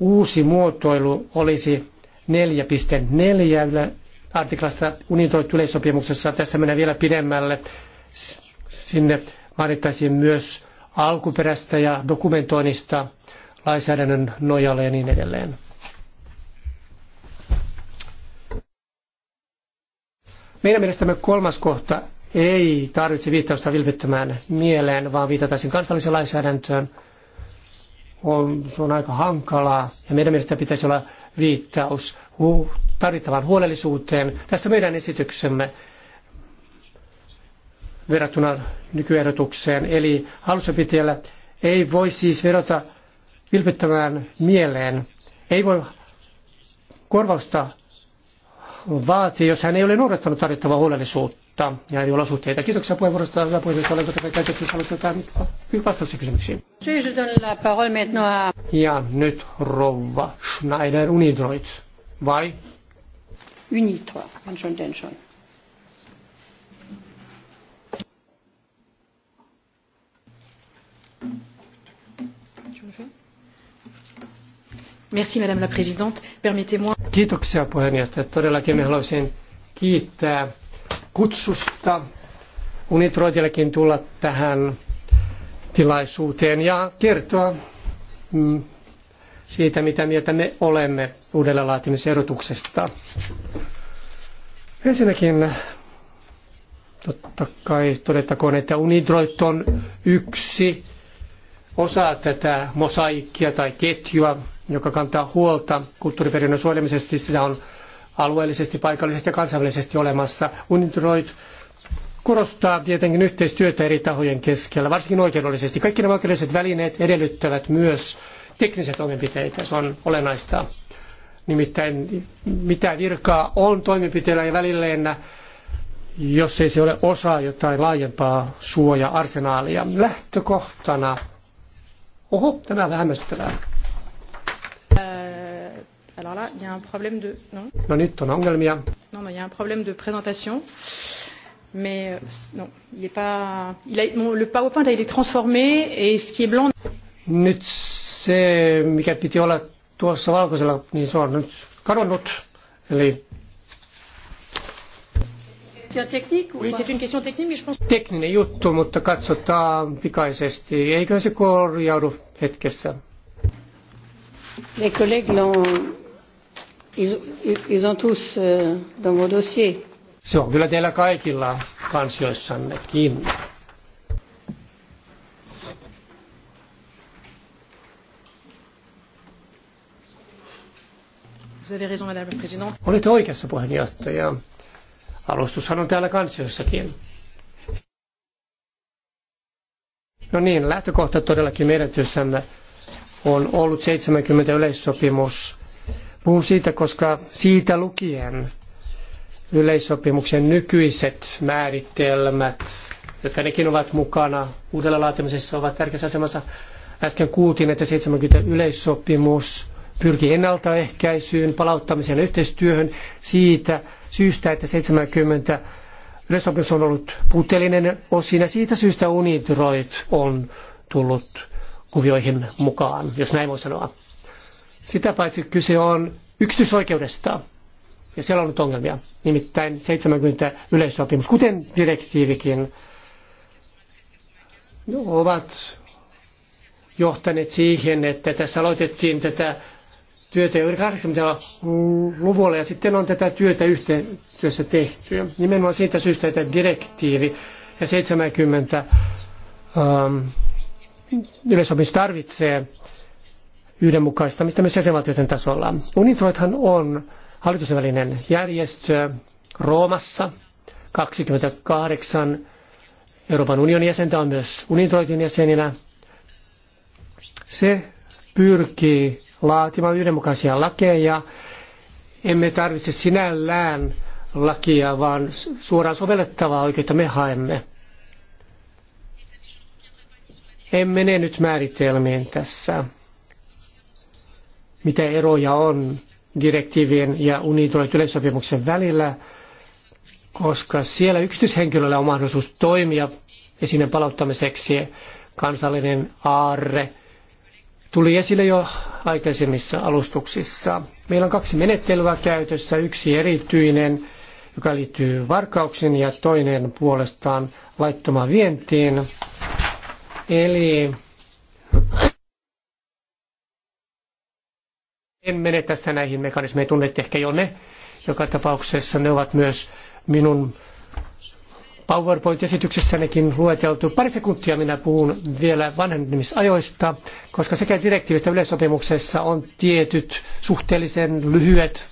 uusi muotoilu olisi 4.4 artiklasta unitoitu yleissopimuksessa. Tässä mennään vielä pidemmälle. Sinne mainittaisiin myös alkuperästä ja dokumentoinnista lainsäädännön nojalle ja niin edelleen. Meidän mielestämme kolmas kohta ei tarvitse viittausta vilpittömään mieleen, vaan viitata sen kansalliseen lainsäädäntöön. On, se on aika hankalaa ja meidän mielestä pitäisi olla viittaus hu, tarvittavaan huolellisuuteen. Tässä meidän esityksemme verrattuna nykyehdotukseen. Eli hallussapitijällä ei voi siis vedota vilpittömään mieleen. Ei voi korvausta vaatii, jos hän ei ole noudattanut tarjottavaa huolellisuutta ja eri olosuhteita. Kiitoksia puheenvuorosta. Hyvä puhemies, olen totta kai käytetty, jos haluatte jotain vastauksia kysymyksiin. Ja nyt rouva Schneider Unidroit, vai? Unidroit, man schon den schon. Merci Madame la Présidente. Permettez-moi. Kiitoksia puheenjohtaja. Todellakin me haluaisin kiittää kutsusta Unitroitillekin tulla tähän tilaisuuteen ja kertoa mm, siitä, mitä mieltä me olemme uudella laatimisehdotuksesta. Ensinnäkin totta kai todettakoon, että Unidroit on yksi osa tätä mosaikkia tai ketjua, joka kantaa huolta kulttuuriperinnön suojelemisesta. Sitä on alueellisesti, paikallisesti ja kansainvälisesti olemassa. Unintroit korostaa tietenkin yhteistyötä eri tahojen keskellä, varsinkin oikeudellisesti. Kaikki nämä oikeudelliset välineet edellyttävät myös teknisiä toimenpiteitä. Se on olennaista. Nimittäin mitä virkaa on toimenpiteillä ja välilleenä, jos ei se ole osa jotain laajempaa suoja-arsenaalia. Lähtökohtana. Oho, tämä on vähän Alors là, il y a un problème de... Non No nyt on ongelmia. Non, mais il y a un problème de présentation. Mais euh, non, il n'est pas... Il a... bon, le PowerPoint, a été transformé et ce qui est blanc... Nyt se, mikä piti olla tuossa valkoisella, niin se on nyt kadonnut. Eli Tekninen juttu, mutta katsotaan pikaisesti. Eikö se korjaudu hetkessä? Les collègues l'ont Ils, ils ont tous euh, dans Se on kyllä teillä kaikilla kansioissannekin. Olet oikeassa puheenjohtaja. Alustushan on täällä kansioissakin. No niin, lähtökohta todellakin meidän työssämme on ollut 70 yleissopimus Puhun siitä, koska siitä lukien yleissopimuksen nykyiset määritelmät, jotka nekin ovat mukana uudella laatimisessa, ovat tärkeässä asemassa. Äsken kuultiin, että 70 yleissopimus pyrkii ennaltaehkäisyyn, palauttamiseen ja yhteistyöhön siitä syystä, että 70 yleissopimus on ollut puutteellinen osin ja siitä syystä Unidroit on tullut kuvioihin mukaan, jos näin voi sanoa. Sitä paitsi kyse on yksityisoikeudesta. Ja siellä on ollut ongelmia, nimittäin 70 yleissopimus, kuten direktiivikin, ovat johtaneet siihen, että tässä aloitettiin tätä työtä jo 80-luvulla ja sitten on tätä työtä yhteistyössä tehty. Nimenomaan siitä syystä, että direktiivi ja 70 ähm, yleisopimus tarvitsee yhdenmukaistamista myös jäsenvaltioiden tasolla. Unifroidhan on hallitusten järjestö Roomassa. 28 Euroopan unionin jäsentä on myös Unifroidin jäseninä. Se pyrkii laatimaan yhdenmukaisia lakeja. Emme tarvitse sinällään lakia, vaan suoraan sovellettavaa oikeutta me haemme. En mene nyt määritelmiin tässä mitä eroja on direktiivien ja unitoit yleissopimuksen välillä, koska siellä yksityishenkilöllä on mahdollisuus toimia esineen palauttamiseksi kansallinen aarre tuli esille jo aikaisemmissa alustuksissa. Meillä on kaksi menettelyä käytössä, yksi erityinen, joka liittyy varkauksiin ja toinen puolestaan laittomaan vientiin. Eli en mene tässä näihin mekanismeihin, tunnette ehkä jo ne. Joka tapauksessa ne ovat myös minun PowerPoint-esityksessänikin lueteltu. Pari sekuntia minä puhun vielä vanhenemisajoista, koska sekä direktiivistä yleissopimuksessa on tietyt suhteellisen lyhyet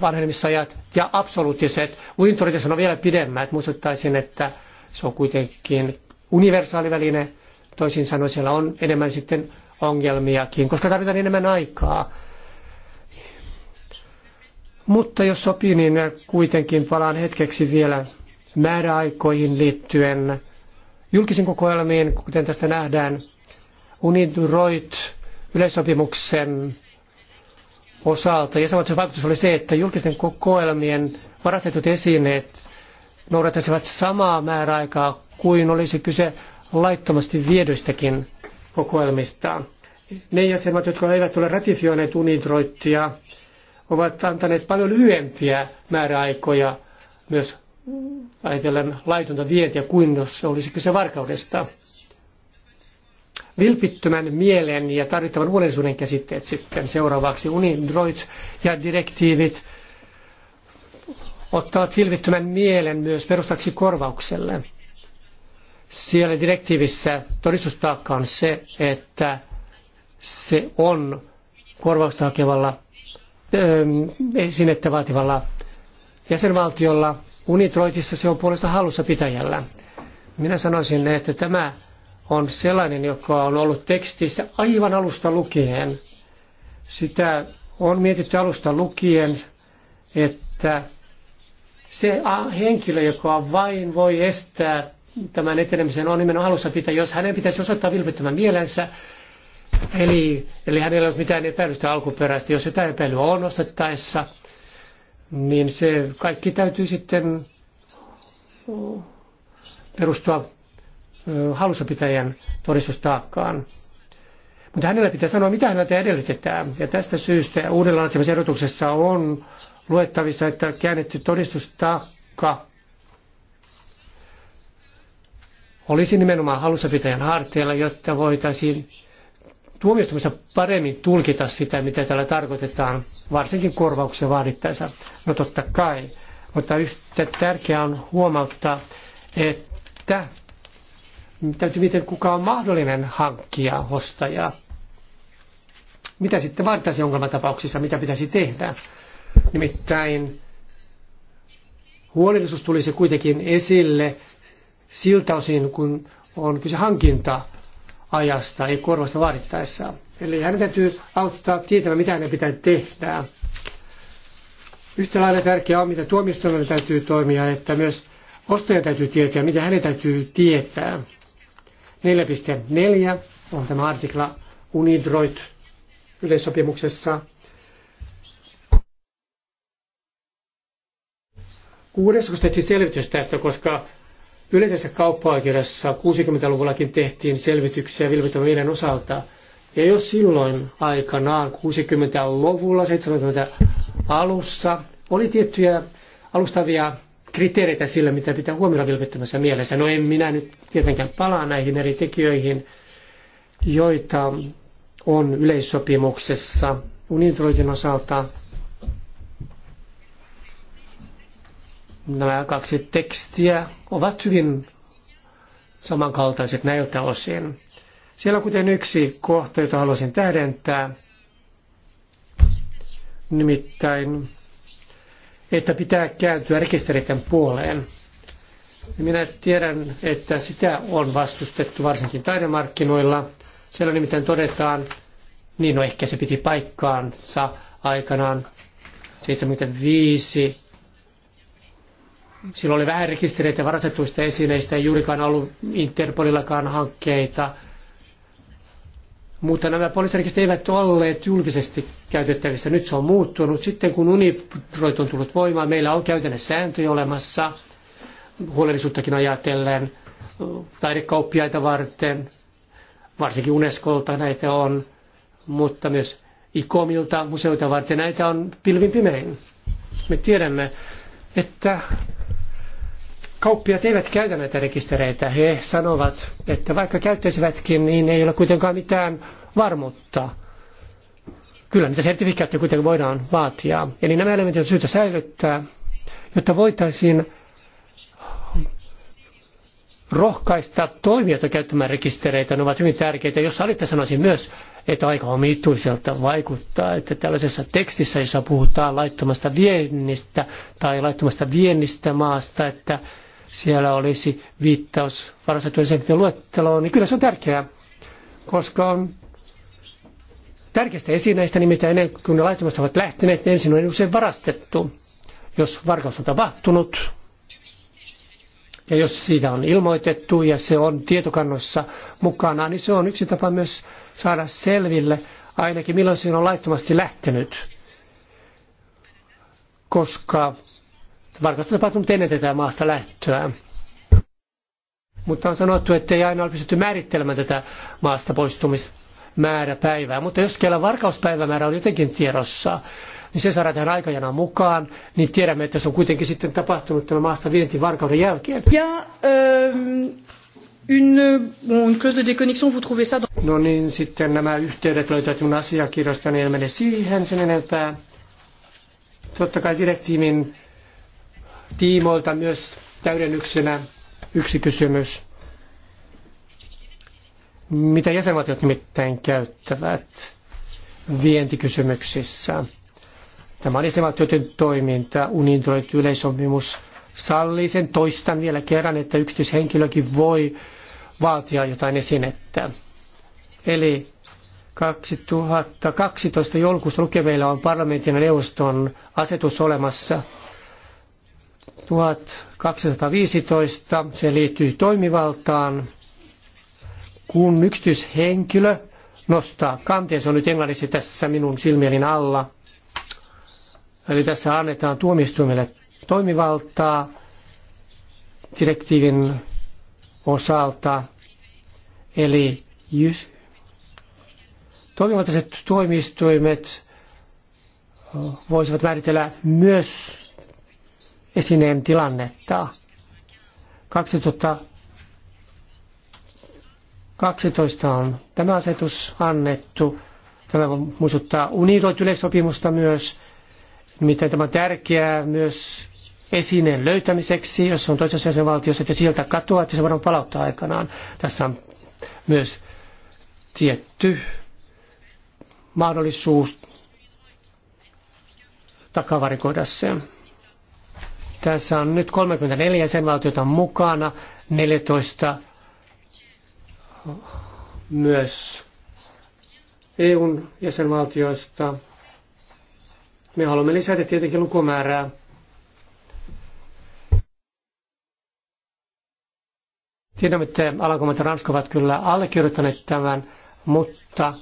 vanhenemisajat ja absoluuttiset. Uintoritissa on vielä pidemmät. Muistuttaisin, että se on kuitenkin universaali väline. Toisin sanoen siellä on enemmän sitten ongelmiakin, koska tarvitaan enemmän aikaa. Mutta jos sopii, niin kuitenkin palaan hetkeksi vielä määräaikoihin liittyen julkisiin kokoelmiin, kuten tästä nähdään. Unidroit yleissopimuksen osalta. Ja samoin vaikutus oli se, että julkisten kokoelmien varastetut esineet noudattaisivat samaa määräaikaa kuin olisi kyse laittomasti viedyistäkin kokoelmistaan. Ne jäsenmaat, jotka eivät ole ratifioineet unidroittia, ovat antaneet paljon lyhyempiä määräaikoja myös ajatellen laitonta vientiä kuin jos se olisi kyse varkaudesta. Vilpittömän mielen ja tarvittavan huolellisuuden käsitteet sitten seuraavaksi. Unidroit ja direktiivit ottavat vilpittömän mielen myös perustaksi korvaukselle. Siellä direktiivissä todistustaakka on se, että se on korvausta hakevalla sinettä vaativalla jäsenvaltiolla. Unitroitissa se on puolesta hallussa pitäjällä. Minä sanoisin, että tämä on sellainen, joka on ollut tekstissä aivan alusta lukien. Sitä on mietitty alusta lukien, että se henkilö, joka vain voi estää tämän etenemisen on nimenomaan alussa pitää, jos hänen pitäisi osoittaa vilpittömän mielensä, eli, eli hänellä ei ole mitään epäilystä alkuperäistä, jos jotain epäilyä on nostettaessa, niin se kaikki täytyy sitten perustua halussapitäjän todistustaakkaan. Mutta hänellä pitää sanoa, mitä häneltä edellytetään. Ja tästä syystä uudella erotuksessa on luettavissa, että käännetty todistustaakka olisi nimenomaan hallussapitäjän harteilla, jotta voitaisiin tuomioistuimessa paremmin tulkita sitä, mitä tällä tarkoitetaan, varsinkin korvauksia vaadittaessa. No totta kai, mutta yhtä tärkeää on huomauttaa, että täytyy miten kuka on mahdollinen hankkija, ostaja. Mitä sitten vaadittaisiin ongelmatapauksissa, mitä pitäisi tehdä? Nimittäin huolellisuus tulisi kuitenkin esille – siltä osin, kun on kyse hankinta-ajasta, ei korvasta vaadittaessa. Eli hän täytyy auttaa tietämään, mitä hänen pitää tehdä. Yhtä lailla tärkeää on, mitä tuomioistuimella täytyy toimia, että myös ostajan täytyy tietää, mitä hänen täytyy tietää. 4.4 on tämä artikla Unidroit yleissopimuksessa. Kuudes, kun tehtiin selvitys tästä, koska Yleisessä kauppaoikeudessa 60-luvullakin tehtiin selvityksiä vilpittömyyden osalta. Ja jo silloin aikanaan 60-luvulla, 70 alussa, oli tiettyjä alustavia kriteereitä sillä, mitä pitää huomioida vilpittömässä mielessä. No en minä nyt tietenkään palaa näihin eri tekijöihin, joita on yleissopimuksessa unionin osalta Nämä kaksi tekstiä ovat hyvin samankaltaiset näiltä osin. Siellä on kuten yksi kohta, jota haluaisin tähdentää, nimittäin, että pitää kääntyä rekistereiden puoleen. Minä tiedän, että sitä on vastustettu varsinkin taidemarkkinoilla. Siellä nimittäin todetaan, niin no ehkä se piti paikkaansa aikanaan 75 Silloin oli vähän rekistereitä varastetuista esineistä, ei juurikaan ollut Interpolillakaan hankkeita. Mutta nämä poliisirekisterit eivät olleet julkisesti käytettävissä. Nyt se on muuttunut. Sitten kun Uniproit on tullut voimaan, meillä on käytännössä sääntöjä olemassa, huolellisuuttakin ajatellen, taidekauppiaita varten, varsinkin Unescolta näitä on, mutta myös ICOMilta, museoita varten näitä on pilvin pimein. Me tiedämme, että Kauppiat eivät käytä näitä rekistereitä. He sanovat, että vaikka käyttäisivätkin, niin ei ole kuitenkaan mitään varmuutta. Kyllä niitä sertifikaatteja kuitenkin voidaan vaatia. Eli nämä elementit on syytä säilyttää, jotta voitaisiin rohkaista toimijoita käyttämään rekistereitä, ne ovat hyvin tärkeitä. Jos sallitte, sanoisin myös, että aika omituiselta vaikuttaa, että tällaisessa tekstissä, jossa puhutaan laittomasta viennistä tai laittomasta viennistä maasta, että siellä olisi viittaus varastettujen sektorin luetteloon, niin kyllä se on tärkeää, koska on tärkeistä esineistä, nimittäin ennen kuin ne laittomasti ovat lähteneet, niin ensin on usein varastettu, jos varkaus on tapahtunut. Ja jos siitä on ilmoitettu ja se on tietokannossa mukana, niin se on yksi tapa myös saada selville, ainakin milloin se on laittomasti lähtenyt. Koska Varkastus tapahtunut ennen tätä maasta lähtöä. Mutta on sanottu, että ei aina ole pystytty määrittelemään tätä maasta poistumismääräpäivää. Mutta jos kellä varkauspäivämäärä on jotenkin tiedossa, niin se saadaan tähän aikajana mukaan, niin tiedämme, että se on kuitenkin sitten tapahtunut tämän maasta vienti varkauden jälkeen. Ja, um, Une, une clause de déconnexion, vous trouvez ça dans... No niin, sitten nämä yhteydet löytyvät minun asiakirjoista, niin en mene siihen sen enempää. Totta kai direktiivin tiimoilta myös täydennyksenä yksi kysymys. Mitä jäsenvaltiot nimittäin käyttävät vientikysymyksissä? Tämä on jäsenvaltioiden toiminta. Unintoitu yleisomimus sallii sen. Toistan vielä kerran, että yksityishenkilökin voi vaatia jotain esinettä. Eli 2012 joulukuusta lukien on parlamentin ja neuvoston asetus olemassa – 1215, se liittyy toimivaltaan, kun yksityishenkilö nostaa kanteen, se on nyt englanniksi tässä minun silmielin alla, eli tässä annetaan tuomioistuimelle toimivaltaa direktiivin osalta, eli toimivaltaiset tuomioistuimet voisivat määritellä myös esineen tilannetta. 2012 on tämä asetus annettu. Tämä muistuttaa UNIDOT-yleissopimusta myös, miten tämä on tärkeää myös esineen löytämiseksi, jos on toisessa jäsenvaltiossa, että sieltä katoaa, että se voidaan palauttaa aikanaan. Tässä on myös tietty mahdollisuus takavarikoida sen. Tässä on nyt 34 jäsenvaltiota mukana, 14 myös EUn jäsenvaltioista. Me haluamme lisätä tietenkin lukumäärää. Tiedämme, että Alankomaat ja Ranska ovat kyllä allekirjoittaneet tämän, mutta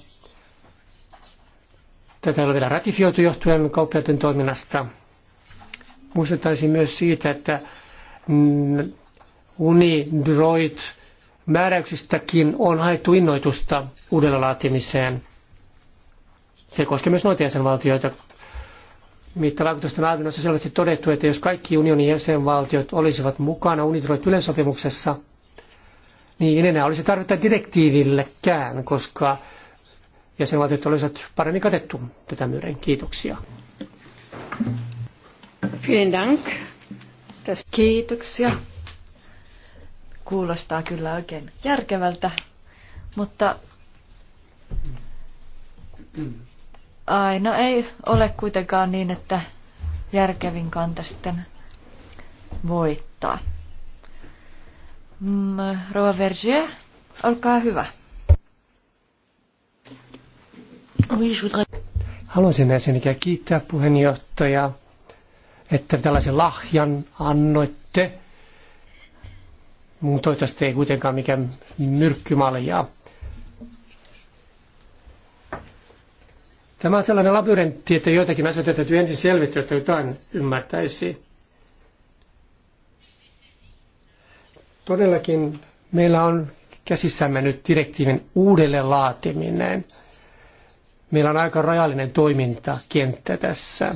tätä ei ole vielä ratifioitu johtuen kauppiaiden toiminnasta. Muistuttaisin myös siitä, että mm, unidroit määräyksistäkin on haettu innoitusta uudella laatimiseen. Se koskee myös noita jäsenvaltioita. Mittavaikutusten arvioinnissa on selvästi todettu, että jos kaikki unionin jäsenvaltiot olisivat mukana unidroit yleensopimuksessa, niin enää olisi tarvetta direktiivillekään, koska jäsenvaltiot olisivat paremmin katettu tätä myöden. Kiitoksia. Vielen Dank. Kiitoksia. Kuulostaa kyllä oikein järkevältä, mutta aina ei ole kuitenkaan niin, että järkevin kanta sitten voittaa. Mm, Rova Vergier, olkaa hyvä. Haluaisin ensinnäkin kiittää puheenjohtajaa että tällaisen lahjan annoitte. Mun toivottavasti ei kuitenkaan mikään myrkkymalja. Tämä on sellainen labyrintti, että joitakin asioita täytyy ensin selvittää, että jotain ymmärtäisi. Todellakin meillä on käsissämme nyt direktiivin uudelleen laatiminen. Meillä on aika rajallinen toimintakenttä tässä.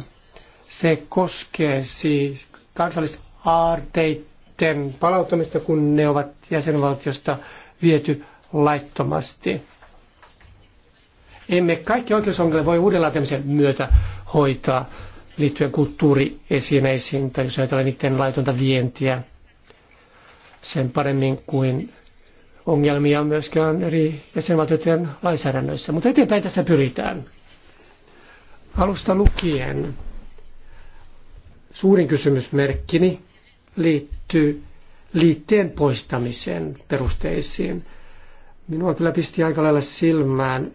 Se koskee siis kansallisaarteiden palauttamista, kun ne ovat jäsenvaltiosta viety laittomasti. Emme kaikki oikeusongelmia voi uudella tämmöisen myötä hoitaa liittyen kulttuuriesineisiin tai jos ajatellaan niiden laitonta vientiä sen paremmin kuin ongelmia myöskään on eri jäsenvaltioiden lainsäädännöissä. Mutta eteenpäin tässä pyritään. Alusta lukien Suurin kysymysmerkkini liittyy liitteen poistamisen perusteisiin. Minua kyllä pisti aika lailla silmään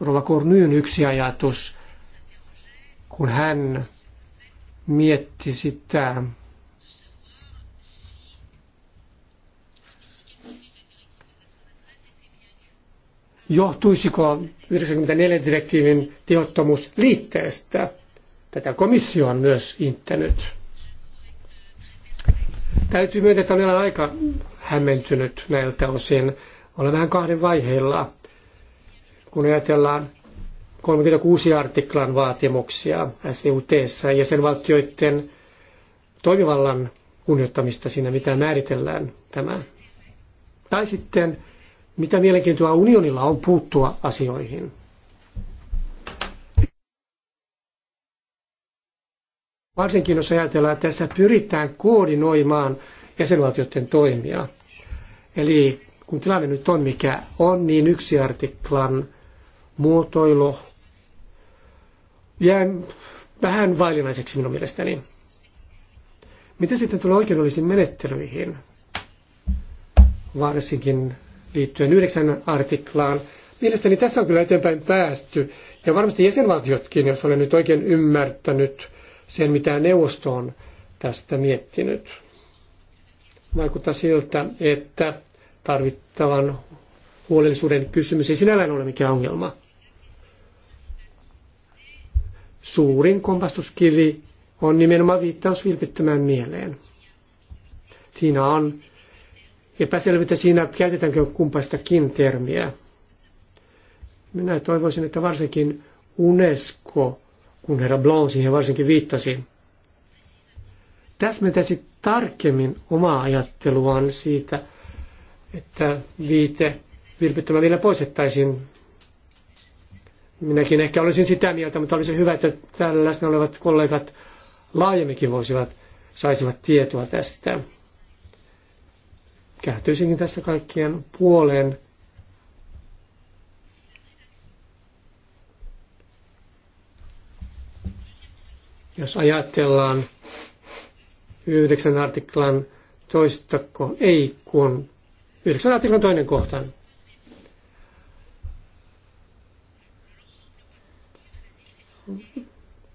Rova Kornyyn yksi ajatus, kun hän mietti sitä, johtuisiko 94 direktiivin tehottomuus liitteestä. Tätä komissio on myös inttänyt. Täytyy myöntää, että olen aika hämmentynyt näiltä osin. Olen vähän kahden vaiheilla, kun ajatellaan 36 artiklan vaatimuksia sut e ja sen valtioiden toimivallan kunnioittamista siinä, mitä määritellään tämä. Tai sitten, mitä mielenkiintoa unionilla on puuttua asioihin. Varsinkin jos ajatellaan, että tässä pyritään koordinoimaan jäsenvaltioiden toimia. Eli kun tilanne nyt on mikä on, niin yksi artiklan muotoilu jää vähän vaillinaiseksi minun mielestäni. Mitä sitten tulee oikeudellisiin menettelyihin? Varsinkin liittyen yhdeksän artiklaan. Mielestäni tässä on kyllä eteenpäin päästy. Ja varmasti jäsenvaltiotkin, jos olen nyt oikein ymmärtänyt, sen, mitä neuvosto on tästä miettinyt. Vaikuttaa siltä, että tarvittavan huolellisuuden kysymys ei sinällään ole mikään ongelma. Suurin kompastuskivi on nimenomaan viittaus vilpittömään mieleen. Siinä on epäselvyyttä siinä, käytetäänkö kumpaistakin termiä. Minä toivoisin, että varsinkin UNESCO kun herra Blanc siihen varsinkin viittasi. Täsmentäisi tarkemmin omaa ajatteluaan siitä, että viite vilpittömän vielä poistettaisiin. Minäkin ehkä olisin sitä mieltä, mutta olisi hyvä, että täällä läsnä olevat kollegat laajemminkin voisivat, saisivat tietoa tästä. Kähtyisinkin tässä kaikkien puoleen Jos ajatellaan yhdeksän artiklan toista, ei kun yhdeksän artiklan toinen kohtaan.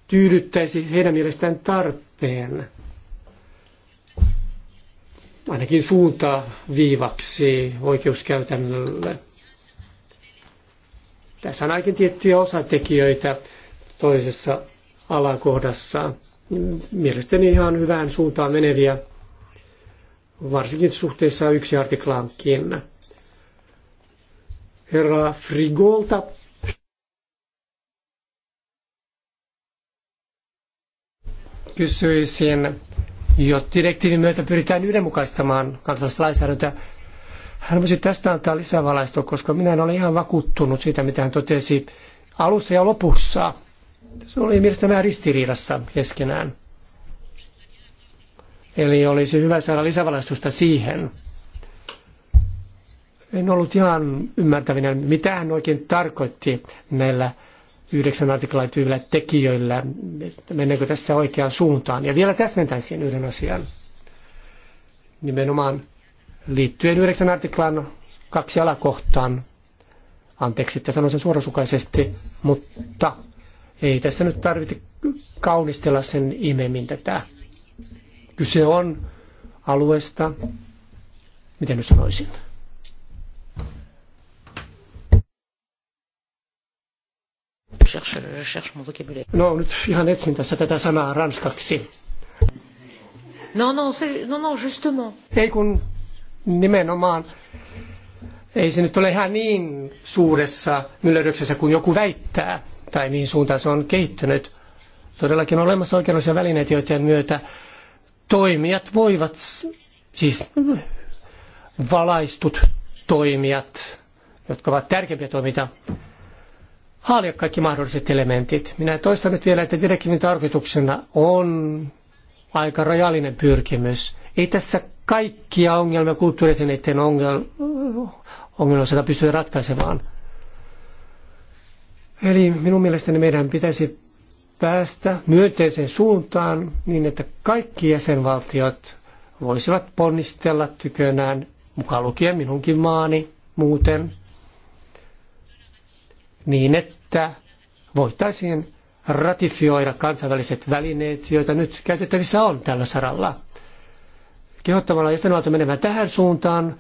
tyydyttäisi heidän mielestään tarpeen ainakin suunta viivaksi oikeuskäytännölle. Tässä on ainakin tiettyjä osatekijöitä toisessa alakohdassa. Mielestäni ihan hyvään suuntaan meneviä, varsinkin suhteessa yksi artiklaankin. Herra Frigolta kysyisin, jos direktiivin myötä pyritään yhdenmukaistamaan kansallista lainsäädäntöä, hän voisi tästä antaa lisävalaistoa, koska minä en ole ihan vakuuttunut siitä, mitä hän totesi alussa ja lopussa se oli mielestäni vähän ristiriidassa keskenään. Eli olisi hyvä saada lisävalaistusta siihen. En ollut ihan ymmärtävinä, mitä hän oikein tarkoitti näillä yhdeksän artiklaa tyyvillä tekijöillä, mennäänkö tässä oikeaan suuntaan. Ja vielä täsmentäisin yhden asian. Nimenomaan liittyen yhdeksän artiklan kaksi alakohtaan. Anteeksi, että sanon sen suorasukaisesti, mutta ei tässä nyt tarvitse kaunistella sen imemmin tätä. Kyse on alueesta, miten nyt sanoisin, No nyt ihan etsin tässä tätä sanaa ranskaksi. No, no, se, no, no, justement. Ei kun nimenomaan, ei se nyt ole ihan niin suuressa myllerryksessä kuin joku väittää tai mihin suuntaan se on kehittynyt. Todellakin on olemassa oikeudellisia välineitä, joiden myötä toimijat voivat, siis valaistut toimijat, jotka ovat tärkeimpiä toimita, haalia kaikki mahdolliset elementit. Minä toistan nyt vielä, että direktiivin tarkoituksena on aika rajallinen pyrkimys. Ei tässä kaikkia ongelmia kulttuurisen ongelmia ongelmia pystyy ratkaisemaan. Eli minun mielestäni meidän pitäisi päästä myönteiseen suuntaan niin, että kaikki jäsenvaltiot voisivat ponnistella tykönään, mukaan lukien minunkin maani muuten, niin että voitaisiin ratifioida kansainväliset välineet, joita nyt käytettävissä on tällä saralla. Kehottamalla jäsenvaltio menemään tähän suuntaan,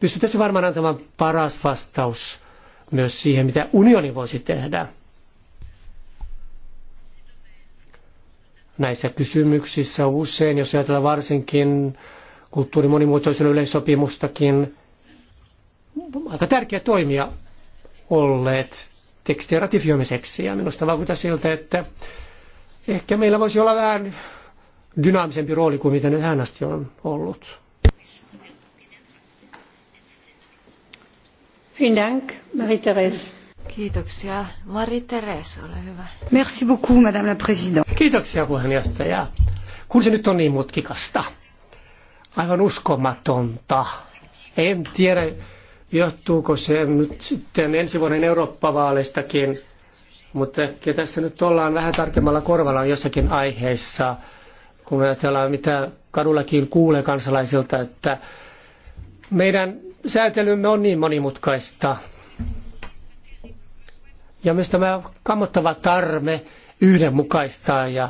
pystyttäisiin varmaan antamaan paras vastaus myös siihen, mitä unioni voisi tehdä näissä kysymyksissä usein, jos ajatellaan varsinkin kulttuurin monimuotoisuuden yleissopimustakin, aika tärkeä toimija olleet tekstien ratifioimiseksi. Ja minusta vaikuttaa siltä, että ehkä meillä voisi olla vähän dynaamisempi rooli kuin mitä nyt hän asti on ollut. Dank, Marie-Thérèse. Kiitoksia. Marie-Thérèse, ole hyvä. Merci beaucoup, Madame la Présidente. Kiitoksia puheenjohtaja. Kun se nyt on niin mutkikasta, aivan uskomatonta. En tiedä, johtuuko se nyt sitten ensi vuoden eurooppa vaaleistakin mutta ehkä tässä nyt ollaan vähän tarkemmalla korvalla jossakin aiheessa, kun ajatellaan, mitä kadullakin kuulee kansalaisilta, että meidän säätelymme on niin monimutkaista. Ja myös tämä kammottava tarme yhdenmukaistaa ja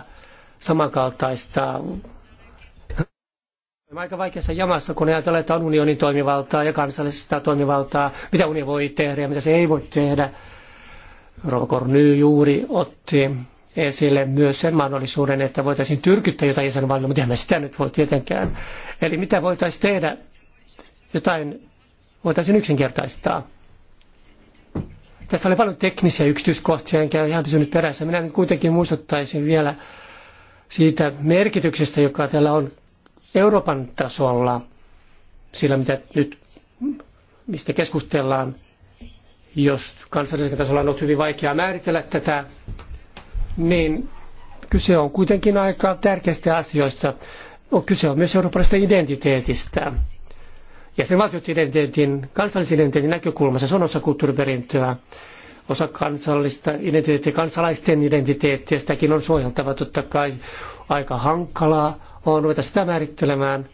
samankaltaistaa. Olemme aika vaikeassa jamassa, kun ajatellaan, että on unionin toimivaltaa ja kansallista toimivaltaa, mitä unioni voi tehdä ja mitä se ei voi tehdä. Rova Korny juuri otti esille myös sen mahdollisuuden, että voitaisiin tyrkyttää jotain jäsenvaltioita, mutta eihän me sitä nyt voi tietenkään. Eli mitä voitaisiin tehdä jotain voitaisiin yksinkertaistaa. Tässä oli paljon teknisiä yksityiskohtia, enkä ihan pysynyt perässä. Minä kuitenkin muistuttaisin vielä siitä merkityksestä, joka täällä on Euroopan tasolla, sillä mitä nyt, mistä keskustellaan, jos kansallisella tasolla on ollut hyvin vaikeaa määritellä tätä, niin kyse on kuitenkin aika tärkeistä asioista. Kyse on myös eurooppalaisesta identiteetistä jäsenvaltioidentiteetin, kansallisen identiteetin näkökulmassa. Se on osa kulttuuriperintöä, osa kansallista identiteettiä, kansalaisten identiteettiä. Sitäkin on suojeltava totta kai aika hankalaa on ruveta sitä määrittelemään.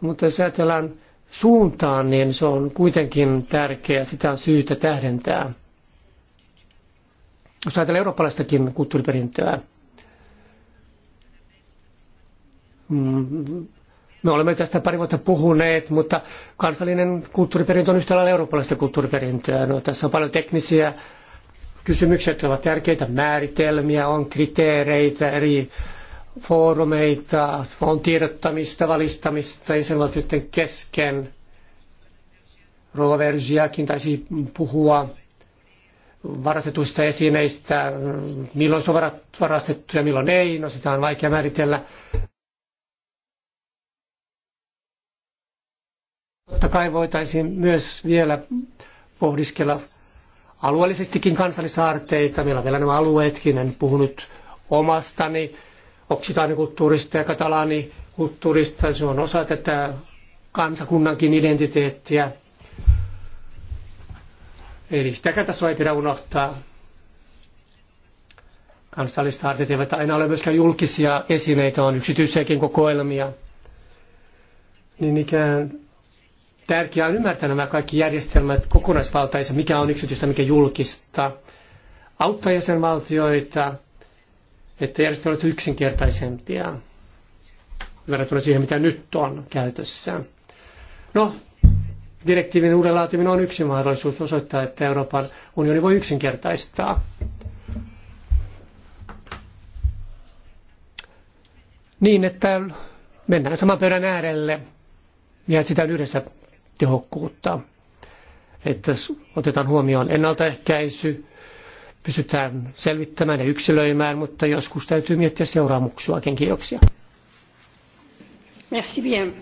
Mutta jos ajatellaan suuntaan, niin se on kuitenkin tärkeää, sitä on syytä tähdentää. Jos ajatellaan eurooppalaistakin kulttuuriperintöä, mm, me olemme tästä pari vuotta puhuneet, mutta kansallinen kulttuuriperintö on yhtä lailla eurooppalaista kulttuuriperintöä. No, tässä on paljon teknisiä kysymyksiä, jotka ovat tärkeitä, määritelmiä, on kriteereitä, eri foorumeita, on tiedottamista, valistamista jäsenvaltioiden kesken. Rova Vergiakin taisi puhua varastetuista esineistä, milloin se on varastettu ja milloin ei, no sitä on vaikea määritellä. Totta kai voitaisiin myös vielä pohdiskella alueellisestikin kansallisaarteita. Meillä on vielä nämä alueetkin, en puhunut omastani, oksitaanikulttuurista ja katalaanikulttuurista. Se on osa tätä kansakunnankin identiteettiä. Eli sitäkään tässä ei pidä unohtaa. Kansalliset aarteet eivät aina ole myöskään julkisia esineitä, on yksityisiäkin kokoelmia. Niin ikään Tärkeää on ymmärtää nämä kaikki järjestelmät kokonaisvaltaisesti, mikä on yksityistä, mikä julkista, auttaa jäsenvaltioita, että järjestelmät ovat yksinkertaisempia verrattuna siihen, mitä nyt on käytössä. No, direktiivin uuden laatiminen on yksi mahdollisuus osoittaa, että Euroopan unioni voi yksinkertaistaa. Niin, että mennään saman pöydän äärelle ja sitä yhdessä tehokkuutta. Että otetaan huomioon ennaltaehkäisy, pysytään selvittämään ja yksilöimään, mutta joskus täytyy miettiä seuraamuksuakin Kiitoksia. Merci bien.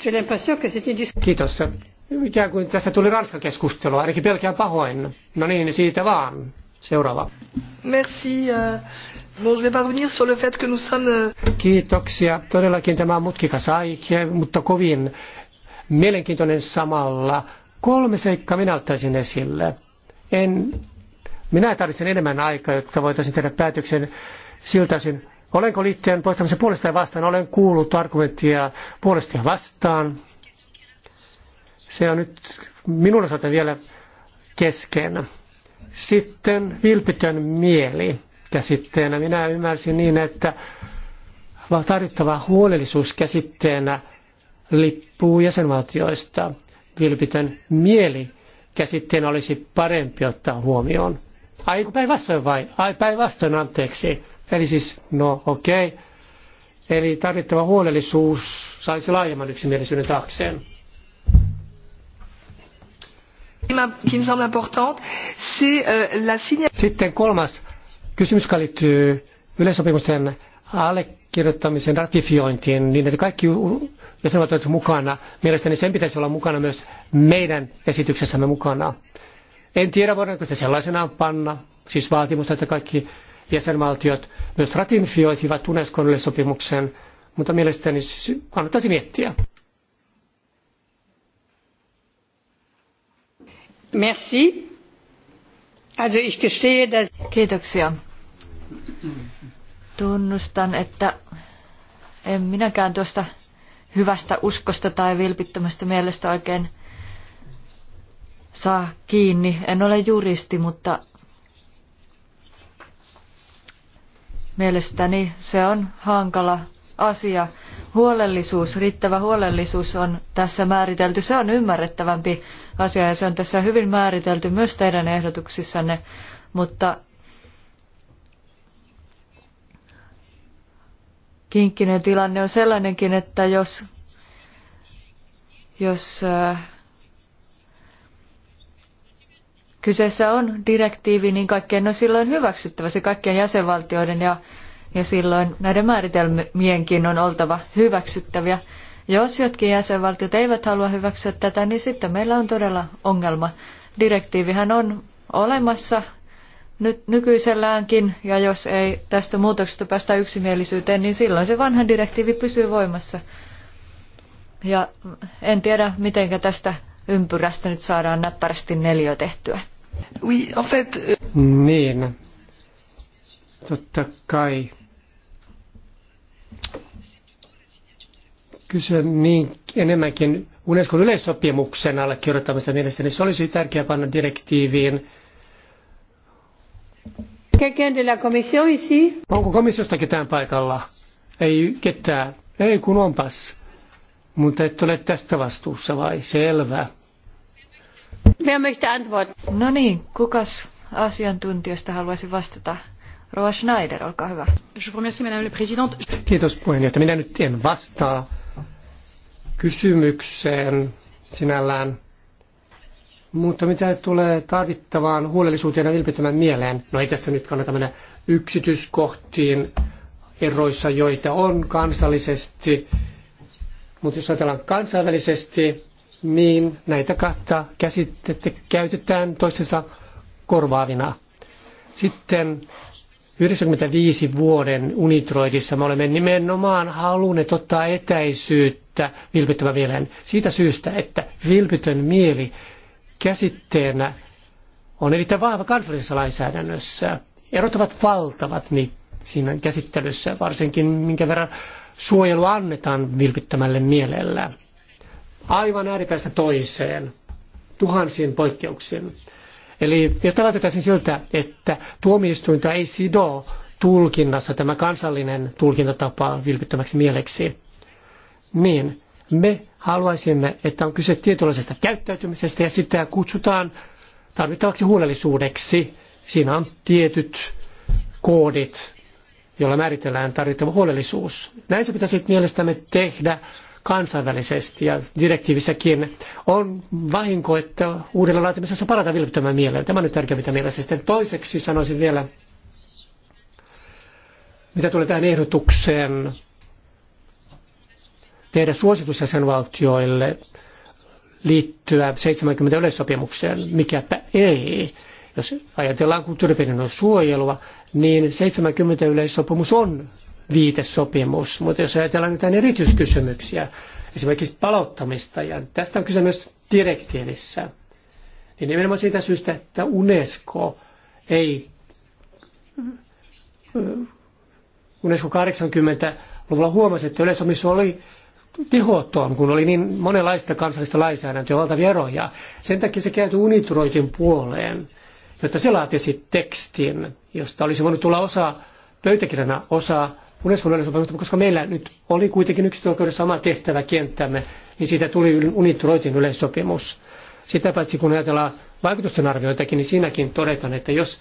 J'ai l'impression que une Kiitos. Ikään kuin tästä tuli ranska keskustelua, ainakin pelkään pahoin. No niin, siitä vaan. Seuraava. Merci. Euh, bon, je vais sur le fait que nous sommes... Euh, Kiitoksia. Todellakin tämä on mutkikas aihe, mutta kovin mielenkiintoinen samalla. Kolme seikkaa minä ottaisin esille. En, minä tarvitsen enemmän aikaa, jotta voitaisiin tehdä päätöksen siltä osin. Olenko liitteen poistamisen puolesta ja vastaan? Olen kuullut argumenttia puolesta ja vastaan. Se on nyt minun osalta vielä kesken. Sitten vilpitön mieli käsitteenä. Minä ymmärsin niin, että tarvittava huolellisuus käsitteenä – lippuu jäsenvaltioista. Vilpitön mieli käsitteenä olisi parempi ottaa huomioon. Ai päinvastoin vai? Ai päinvastoin, anteeksi. Eli siis, no okei. Okay. Eli tarvittava huolellisuus saisi laajemman yksimielisyyden taakseen. Euh, Sitten kolmas kysymys, joka liittyy yleisopimusten allekirjoittamisen ratifiointiin, niin että kaikki jäsenvaltiot ovat mukana. Mielestäni sen pitäisi olla mukana myös meidän esityksessämme mukana. En tiedä, voidaanko se sellaisenaan panna, siis vaatimusta, että kaikki jäsenvaltiot myös ratifioisivat Unescon sopimuksen, mutta mielestäni kannattaisi miettiä. Merci. Also ich gestehe, dass... Kiitoksia. Tunnustan, että en minäkään tuosta hyvästä uskosta tai vilpittömästä mielestä oikein saa kiinni. En ole juristi, mutta mielestäni se on hankala asia. Huolellisuus, riittävä huolellisuus on tässä määritelty. Se on ymmärrettävämpi asia ja se on tässä hyvin määritelty myös teidän ehdotuksissanne, mutta kinkkinen tilanne on sellainenkin, että jos, jos äh, kyseessä on direktiivi, niin kaikkien on silloin hyväksyttävä se kaikkien jäsenvaltioiden ja, ja silloin näiden määritelmienkin on oltava hyväksyttäviä. Jos jotkin jäsenvaltiot eivät halua hyväksyä tätä, niin sitten meillä on todella ongelma. Direktiivihän on olemassa nyt nykyiselläänkin, ja jos ei tästä muutoksesta päästä yksimielisyyteen, niin silloin se vanha direktiivi pysyy voimassa. Ja en tiedä, miten tästä ympyrästä nyt saadaan näppärästi neljä tehtyä. Oui, en fait... Euh, niin, totta kai. Kyse niin, enemmänkin Unescon yleissopimuksen allekirjoittamista mielestäni. Niin se olisi tärkeää panna direktiiviin Onko komissiosta ketään paikalla? Ei ketään. Ei kun onpas. Mutta et ole tästä vastuussa vai? Selvä. No niin, kukas asiantuntijoista haluaisi vastata? Rova Schneider, olkaa hyvä. Kiitos puheenjohtaja. Minä nyt en vastaa kysymykseen sinällään mutta mitä tulee tarvittavaan huolellisuuteen ja vilpittömän mieleen, no ei tässä nyt kannata mennä yksityiskohtiin eroissa, joita on kansallisesti, mutta jos ajatellaan kansainvälisesti, niin näitä kahta käsitettä käytetään toistensa korvaavina. Sitten 95 vuoden Unitroidissa me olemme nimenomaan halunneet ottaa etäisyyttä vilpittömän mieleen siitä syystä, että vilpitön mieli käsitteenä on erittäin vahva kansallisessa lainsäädännössä. Erot ovat valtavat niin siinä käsittelyssä, varsinkin minkä verran suojelu annetaan vilpittömälle mielellä. Aivan ääripäistä toiseen, tuhansien poikkeuksien. Eli jotta vältytäisiin siltä, että tuomioistuinta ei sido tulkinnassa tämä kansallinen tulkintatapa vilpittömäksi mieleksi, niin me Haluaisimme, että on kyse tietynlaisesta käyttäytymisestä ja sitä kutsutaan tarvittavaksi huolellisuudeksi. Siinä on tietyt koodit, joilla määritellään tarvittava huolellisuus. Näin se pitäisi mielestämme tehdä kansainvälisesti ja direktiivissäkin on vahinko, että uudella laatimisessa parata vilpittömän mieleen. Tämä on nyt tärkeä mitä mielessä. Sitten toiseksi sanoisin vielä, mitä tulee tähän ehdotukseen tehdä suositus jäsenvaltioille liittyä 70 yleissopimukseen, mikäpä ei. Jos ajatellaan kulttuuriperinnön suojelua, niin 70 yleissopimus on viitesopimus, mutta jos ajatellaan jotain erityiskysymyksiä, esimerkiksi palauttamista, ja tästä on kyse myös direktiivissä, niin nimenomaan siitä syystä, että UNESCO ei äh, äh, UNESCO 80-luvulla huomasi, että yleisomissa oli tehoton, kun oli niin monenlaista kansallista lainsäädäntöä, valtavia eroja. Sen takia se kääntyi unitroitin puoleen, jotta se laatisi tekstin, josta olisi voinut tulla osa pöytäkirjana, osa Unescon yleissopimusta, koska meillä nyt oli kuitenkin yksityisoikeudessa sama tehtävä kenttämme, niin siitä tuli unitroitin yleissopimus. Sitä paitsi kun ajatellaan vaikutusten arvioitakin, niin siinäkin todetaan, että jos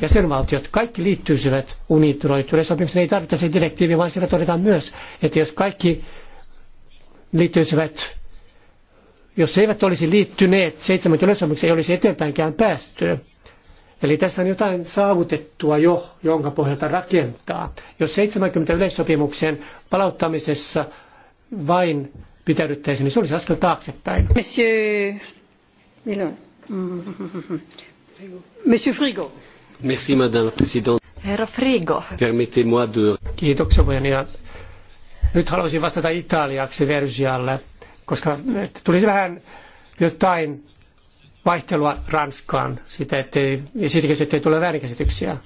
jäsenvaltiot kaikki liittyisivät unituroituille sopimukseen. Ei tarvita se direktiivi, vaan siellä todetaan myös, että jos kaikki liittyisivät, jos eivät olisi liittyneet seitsemän yleissopimukseen, ei olisi eteenpäinkään päästy. Eli tässä on jotain saavutettua jo, jonka pohjalta rakentaa. Jos 70 yleissopimuksen palauttamisessa vain pitäydyttäisiin, niin se olisi askel taaksepäin. Monsieur... Monsieur Frigo. Merci, madame Herra Frigo. Permettez-moi de... Kiitoksia puhemies. Nyt haluaisin vastata italiaksi Vergialle, koska tulisi vähän jotain vaihtelua Ranskaan sitä, ettei, siitäkin ettei tule väärinkäsityksiä.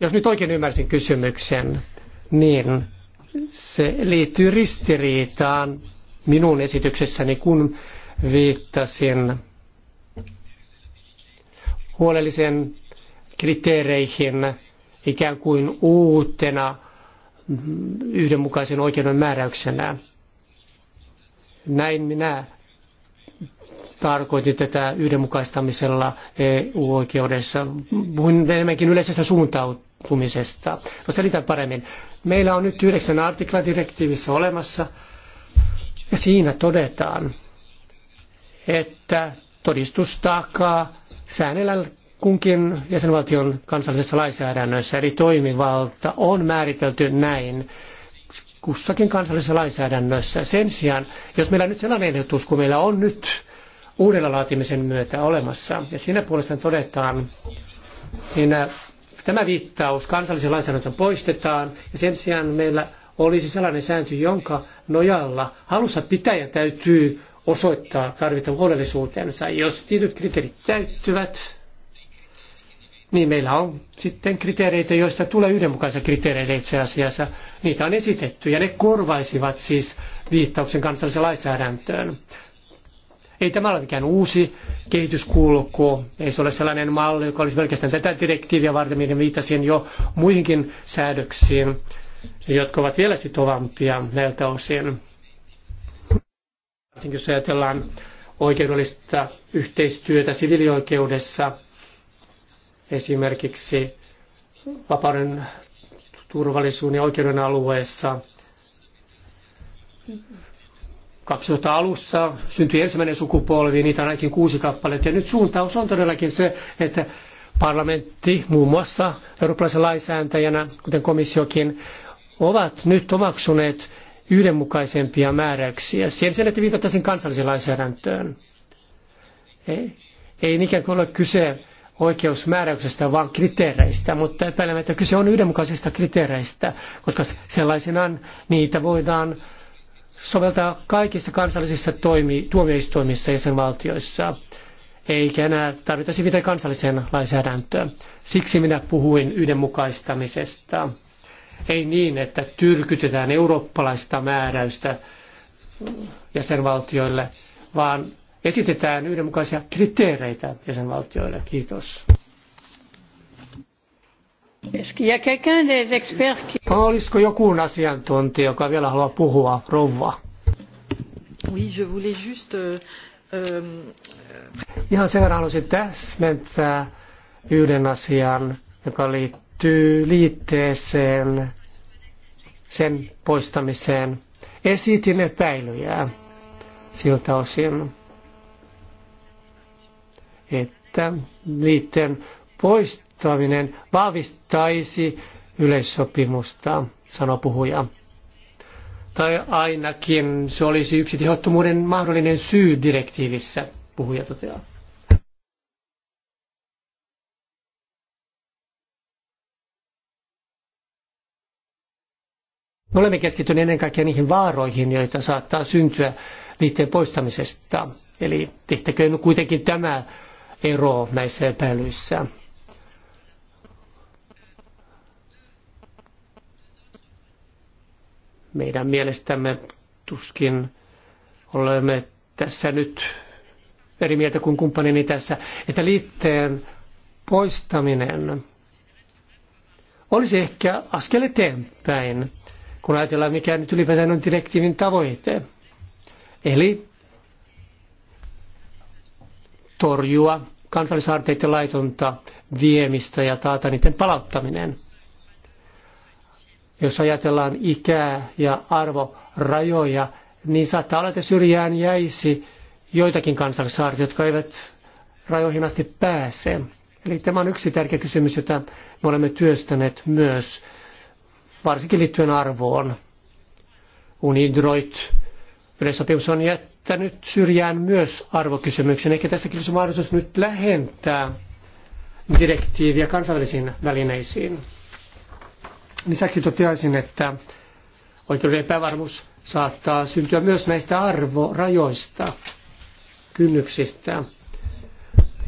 Jos nyt oikein ymmärsin kysymyksen, niin se liittyy ristiriitaan minun esityksessäni, kun viittasin huolellisen kriteereihin ikään kuin uutena yhdenmukaisen oikeuden määräyksenä. Näin minä tarkoitin tätä yhdenmukaistamisella EU-oikeudessa. Puhuin enemmänkin yleisestä suuntautumisesta. No selitän paremmin. Meillä on nyt yhdeksän artikla direktiivissä olemassa ja siinä todetaan, että todistustaakkaa säännellä kunkin jäsenvaltion kansallisessa lainsäädännössä, eli toimivalta on määritelty näin kussakin kansallisessa lainsäädännössä. Sen sijaan, jos meillä on nyt sellainen ehdotus kuin meillä on nyt uudella laatimisen myötä olemassa, ja siinä puolestaan todetaan, siinä tämä viittaus kansallisen lainsäädännön poistetaan, ja sen sijaan meillä olisi sellainen sääntö, jonka nojalla halussa pitäjä täytyy osoittaa tarvittavan huolellisuutensa. Jos tietyt kriteerit täyttyvät, niin meillä on sitten kriteereitä, joista tulee yhdenmukaisia kriteereitä itse asiassa. Niitä on esitetty ja ne korvaisivat siis viittauksen kansalliseen lainsäädäntöön. Ei tämä ole mikään uusi kehityskulku, ei se ole sellainen malli, joka olisi pelkästään tätä direktiiviä varten, mihin viittasin jo muihinkin säädöksiin, jotka ovat vielä sitovampia näiltä osin varsinkin jos ajatellaan oikeudellista yhteistyötä sivilioikeudessa, esimerkiksi vapauden turvallisuuden ja oikeuden alueessa. 2000 alussa syntyi ensimmäinen sukupolvi, niitä on ainakin kuusi kappaletta. Ja nyt suuntaus on todellakin se, että parlamentti muun muassa eurooppalaisen lainsäätäjänä, kuten komissiokin, ovat nyt omaksuneet yhdenmukaisempia määräyksiä. Siellä sen, että viitattaisiin kansalliseen lainsäädäntöön. Ei, ei niinkään ole kyse oikeusmääräyksestä, vaan kriteereistä, mutta että kyse on yhdenmukaisista kriteereistä, koska sellaisenaan niitä voidaan soveltaa kaikissa kansallisissa toimi, tuomioistuimissa valtioissa, eikä enää tarvita mitään kansalliseen lainsäädäntöön. Siksi minä puhuin yhdenmukaistamisesta. Ei niin, että tyrkytetään eurooppalaista määräystä jäsenvaltioille, vaan esitetään yhdenmukaisia kriteereitä jäsenvaltioille. Kiitos. Olisiko joku asiantuntija, joka vielä haluaa puhua, rouva? Oui, je voulais juste, euh, euh Ihan sen verran haluaisin täsmentää yhden asian, joka liittyy liittyy liitteeseen, sen poistamiseen. Esitin epäilyjä siltä osin, että liitteen poistaminen vahvistaisi yleissopimusta, sanoi puhuja. Tai ainakin se olisi yksi tehottomuuden mahdollinen syy direktiivissä, puhuja toteaa. Me olemme keskittyneet ennen kaikkea niihin vaaroihin, joita saattaa syntyä liitteen poistamisesta. Eli tehtäköön kuitenkin tämä ero näissä epäilyissä. Meidän mielestämme tuskin olemme tässä nyt eri mieltä kuin kumppanini tässä, että liitteen poistaminen olisi ehkä askel eteenpäin kun ajatellaan mikä nyt ylipäätään on direktiivin tavoite. Eli torjua kansallisaarteiden laitonta viemistä ja taata niiden palauttaminen. Jos ajatellaan ikää ja arvorajoja, niin saattaa olla, että syrjään jäisi joitakin kansallisaarteja, jotka eivät rajoihin asti pääse. Eli tämä on yksi tärkeä kysymys, jota me olemme työstäneet myös varsinkin liittyen arvoon. Unidroit yleissopimus on jättänyt syrjään myös arvokysymyksen, Ehkä tässäkin olisi mahdollisuus nyt lähentää direktiiviä kansainvälisiin välineisiin. Lisäksi toteaisin, että oikeuden epävarmuus saattaa syntyä myös näistä arvorajoista, kynnyksistä,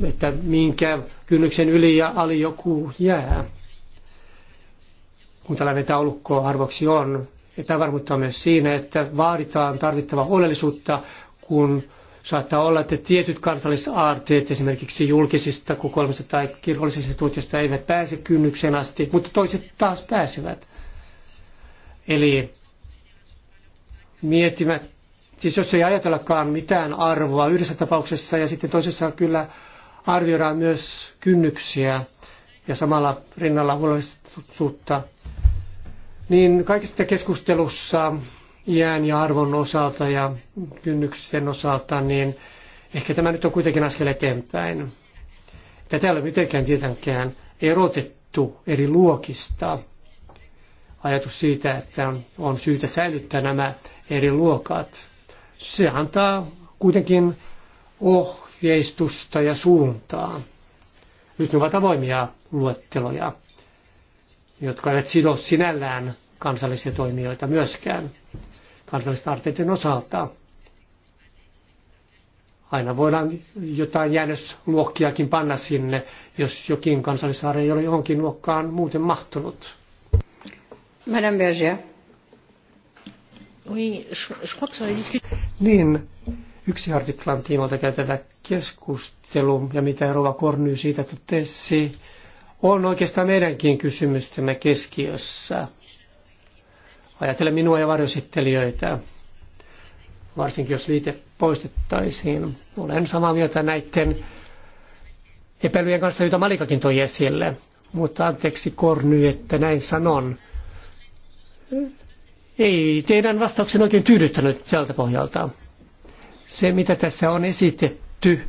että minkä kynnyksen yli ja ali joku jää kun tällainen taulukko harvoksi on, epävarmuutta on myös siinä, että vaaditaan tarvittavaa huolellisuutta, kun saattaa olla, että tietyt kansallisaarteet esimerkiksi julkisista kokoelmista tai kirkollisista instituutioista eivät pääse kynnyksen asti, mutta toiset taas pääsevät. Eli miettimät, siis jos ei ajatellakaan mitään arvoa yhdessä tapauksessa ja sitten toisessa kyllä arvioidaan myös kynnyksiä ja samalla rinnalla huolellisuutta niin kaikista keskustelussa iän ja arvon osalta ja kynnyksen osalta, niin ehkä tämä nyt on kuitenkin askel eteenpäin. Tätä ei ole mitenkään tietenkään erotettu eri luokista. Ajatus siitä, että on syytä säilyttää nämä eri luokat, se antaa kuitenkin ohjeistusta ja suuntaa. Nyt ne ovat avoimia luetteloja jotka eivät sido sinällään kansallisia toimijoita myöskään kansallisten arteiden osalta. Aina voidaan jotain jäännösluokkiakin panna sinne, jos jokin kansallisaari ei ole johonkin luokkaan muuten mahtunut. Madame Berger. Oui, je, crois que sur les Niin, yksi artiklan tiimoilta käytävä keskustelu ja mitä Rova Korny siitä totesi, on oikeastaan meidänkin kysymystämme keskiössä. Ajatella minua ja varjosittelijöitä, varsinkin jos liite poistettaisiin. Olen samaa mieltä näiden epäilyjen kanssa, joita Malikakin toi esille. Mutta anteeksi Korny, että näin sanon. Ei teidän vastauksen oikein tyydyttänyt tältä pohjalta. Se, mitä tässä on esitetty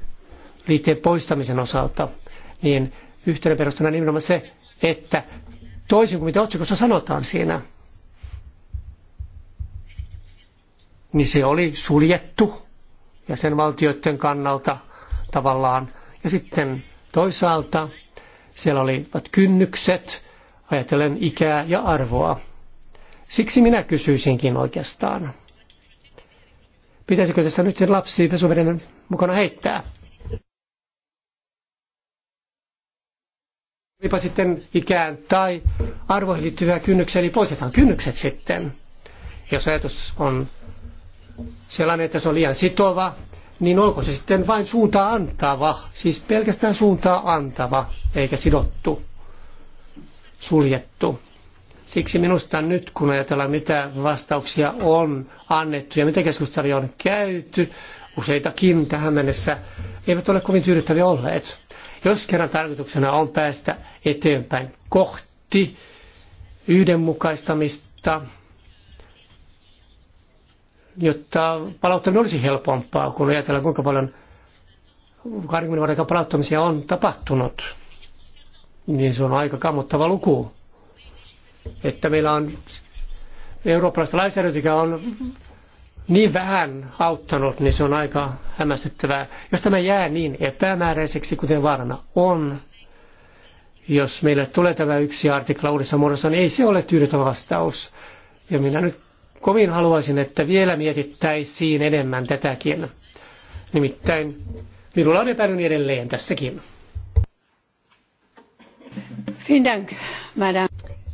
liitteen poistamisen osalta, niin yhteyden perustana nimenomaan se, että toisin kuin mitä otsikossa sanotaan siinä, niin se oli suljettu ja sen valtioiden kannalta tavallaan. Ja sitten toisaalta siellä oli kynnykset, ajatellen ikää ja arvoa. Siksi minä kysyisinkin oikeastaan. Pitäisikö tässä nyt lapsi pesuveden mukana heittää? olipa sitten ikään tai arvoihin liittyviä kynnyksiä, eli poistetaan kynnykset sitten. Jos ajatus on sellainen, että se on liian sitova, niin onko se sitten vain suuntaa antava, siis pelkästään suuntaa antava, eikä sidottu, suljettu. Siksi minusta nyt, kun ajatellaan, mitä vastauksia on annettu ja mitä keskustelua on käyty, useitakin tähän mennessä, eivät ole kovin tyydyttäviä olleet jos kerran tarkoituksena on päästä eteenpäin kohti yhdenmukaistamista, jotta palauttaminen olisi helpompaa, kun ajatellaan kuinka paljon 20 vuoden palauttamisia on tapahtunut, niin se on aika kammottava luku. Että meillä on eurooppalaista lainsäädäntöä, joka on niin vähän auttanut, niin se on aika hämmästyttävää. Jos tämä jää niin epämääräiseksi, kuten vaarana on, jos meille tulee tämä yksi artikla uudessa muodossa, niin ei se ole tyydyttävä vastaus. Ja minä nyt kovin haluaisin, että vielä mietittäisiin enemmän tätäkin. Nimittäin minulla on epäilyni edelleen tässäkin.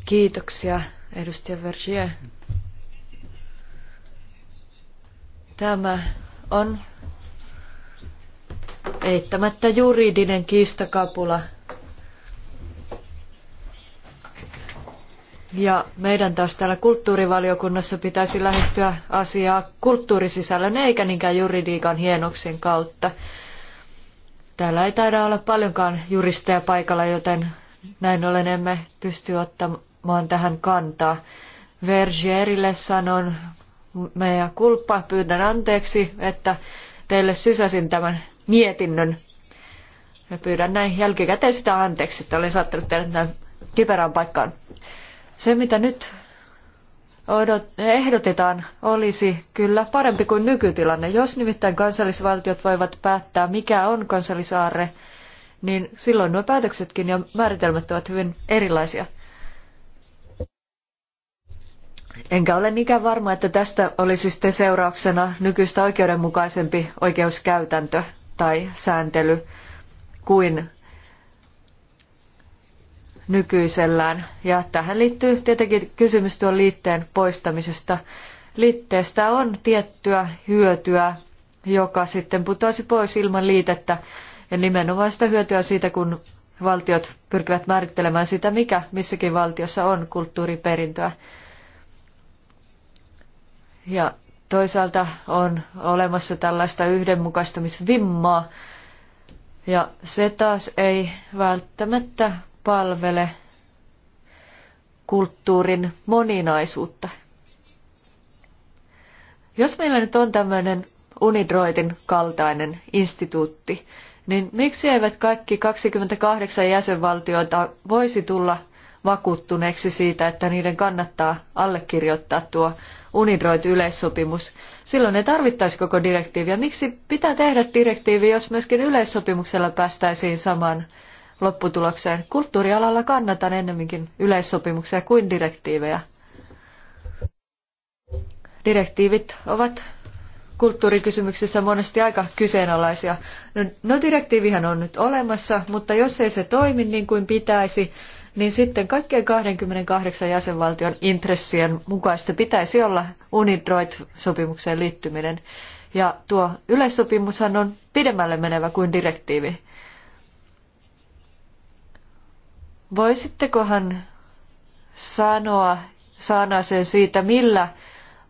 Kiitoksia, edustaja Vergier. Tämä on eittämättä juridinen kiistakapula. Ja meidän taas täällä kulttuurivaliokunnassa pitäisi lähestyä asiaa kulttuurisisällön eikä niinkään juridiikan hienoksen kautta. Täällä ei taida olla paljonkaan juristeja paikalla, joten näin ollen emme pysty ottamaan tähän kantaa. Vergierille sanon Mea kulppa, pyydän anteeksi, että teille sysäsin tämän mietinnön. Ja pyydän näin jälkikäteen sitä anteeksi, että olen saattanut tehdä näin kiperään paikkaan. Se, mitä nyt ehdotetaan, olisi kyllä parempi kuin nykytilanne. Jos nimittäin kansallisvaltiot voivat päättää, mikä on kansallisaarre, niin silloin nuo päätöksetkin ja määritelmät ovat hyvin erilaisia – Enkä ole niinkään varma, että tästä olisi sitten seurauksena nykyistä oikeudenmukaisempi oikeuskäytäntö tai sääntely kuin nykyisellään. Ja tähän liittyy tietenkin kysymys tuon liitteen poistamisesta. Liitteestä on tiettyä hyötyä, joka sitten putoaisi pois ilman liitettä. Ja nimenomaan sitä hyötyä siitä, kun valtiot pyrkivät määrittelemään sitä, mikä missäkin valtiossa on kulttuuriperintöä. Ja toisaalta on olemassa tällaista yhdenmukaistamisvimmaa, ja se taas ei välttämättä palvele kulttuurin moninaisuutta. Jos meillä nyt on tämmöinen Unidroitin kaltainen instituutti, niin miksi eivät kaikki 28 jäsenvaltiota voisi tulla vakuuttuneeksi siitä, että niiden kannattaa allekirjoittaa tuo unidroit yleissopimus. Silloin ei tarvittaisi koko direktiiviä. Miksi pitää tehdä direktiivi, jos myöskin yleissopimuksella päästäisiin samaan lopputulokseen? Kulttuurialalla kannatan ennemminkin yleissopimuksia kuin direktiivejä. Direktiivit ovat kulttuurikysymyksissä monesti aika kyseenalaisia. No, no direktiivihän on nyt olemassa, mutta jos ei se toimi niin kuin pitäisi, niin sitten kaikkien 28 jäsenvaltion intressien mukaista pitäisi olla UNIDROIT-sopimukseen liittyminen. Ja tuo yleissopimushan on pidemmälle menevä kuin direktiivi. Voisittekohan sanoa sanaseen siitä, millä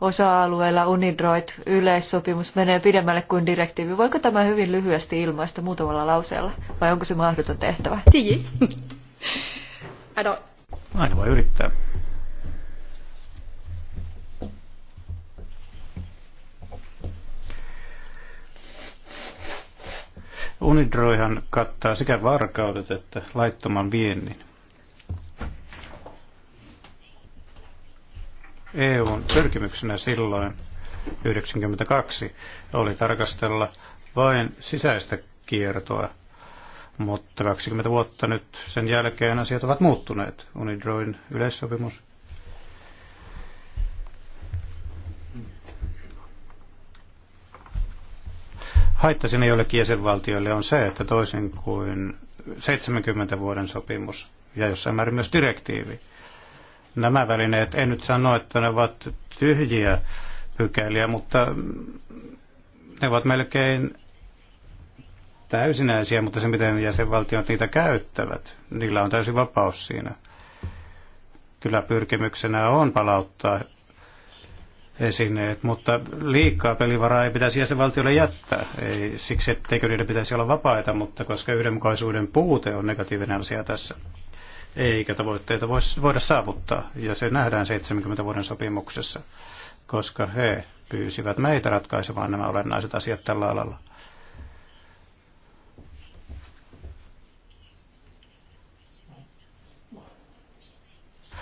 osa-alueella UNIDROIT-yleissopimus menee pidemmälle kuin direktiivi. Voiko tämä hyvin lyhyesti ilmaista muutamalla lauseella, vai onko se mahdoton tehtävä? I don't... Aina voi yrittää. Unidroihan kattaa sekä varkaudet että laittoman viennin. EUn pyrkimyksenä silloin 1992 oli tarkastella vain sisäistä kiertoa mutta 20 vuotta nyt sen jälkeen asiat ovat muuttuneet. Unidroin yleissopimus haitta sinne joillekin jäsenvaltioille on se, että toisin kuin 70 vuoden sopimus ja jossain määrin myös direktiivi, nämä välineet, en nyt sano, että ne ovat tyhjiä pykäliä, mutta ne ovat melkein täysinäisiä, mutta se miten jäsenvaltiot niitä käyttävät, niillä on täysi vapaus siinä. Kyllä pyrkimyksenä on palauttaa esineet, mutta liikaa pelivaraa ei pitäisi jäsenvaltiolle jättää. Ei siksi, etteikö niiden pitäisi olla vapaita, mutta koska yhdenmukaisuuden puute on negatiivinen asia tässä, eikä tavoitteita voida saavuttaa. Ja se nähdään 70 vuoden sopimuksessa, koska he pyysivät meitä ratkaisemaan nämä olennaiset asiat tällä alalla.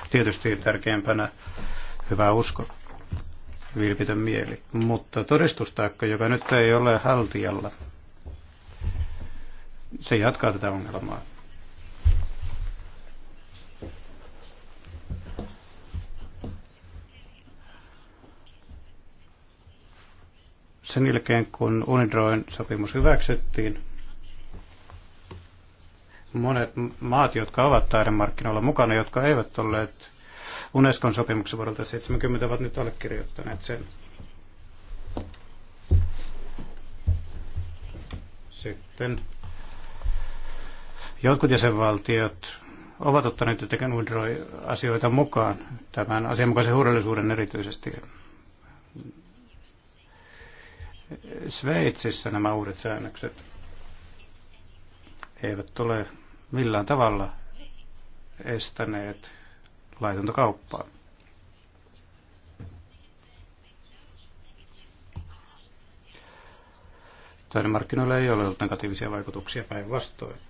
tietysti tärkeimpänä hyvä usko, vilpitön mieli. Mutta todistustaakka, joka nyt ei ole haltijalla, se jatkaa tätä ongelmaa. Sen jälkeen, kun Unidroin sopimus hyväksyttiin, monet maat, jotka ovat taidemarkkinoilla mukana, jotka eivät olleet Unescon sopimuksen vuodelta 70, ovat nyt allekirjoittaneet sen. Sitten jotkut jäsenvaltiot ovat ottaneet jotenkin UNDROI-asioita mukaan, tämän asianmukaisen huolellisuuden erityisesti. Sveitsissä nämä uudet säännökset eivät ole millään tavalla estäneet laitonta kauppaa. Toinen markkinoilla ei ole ollut negatiivisia vaikutuksia päinvastoin.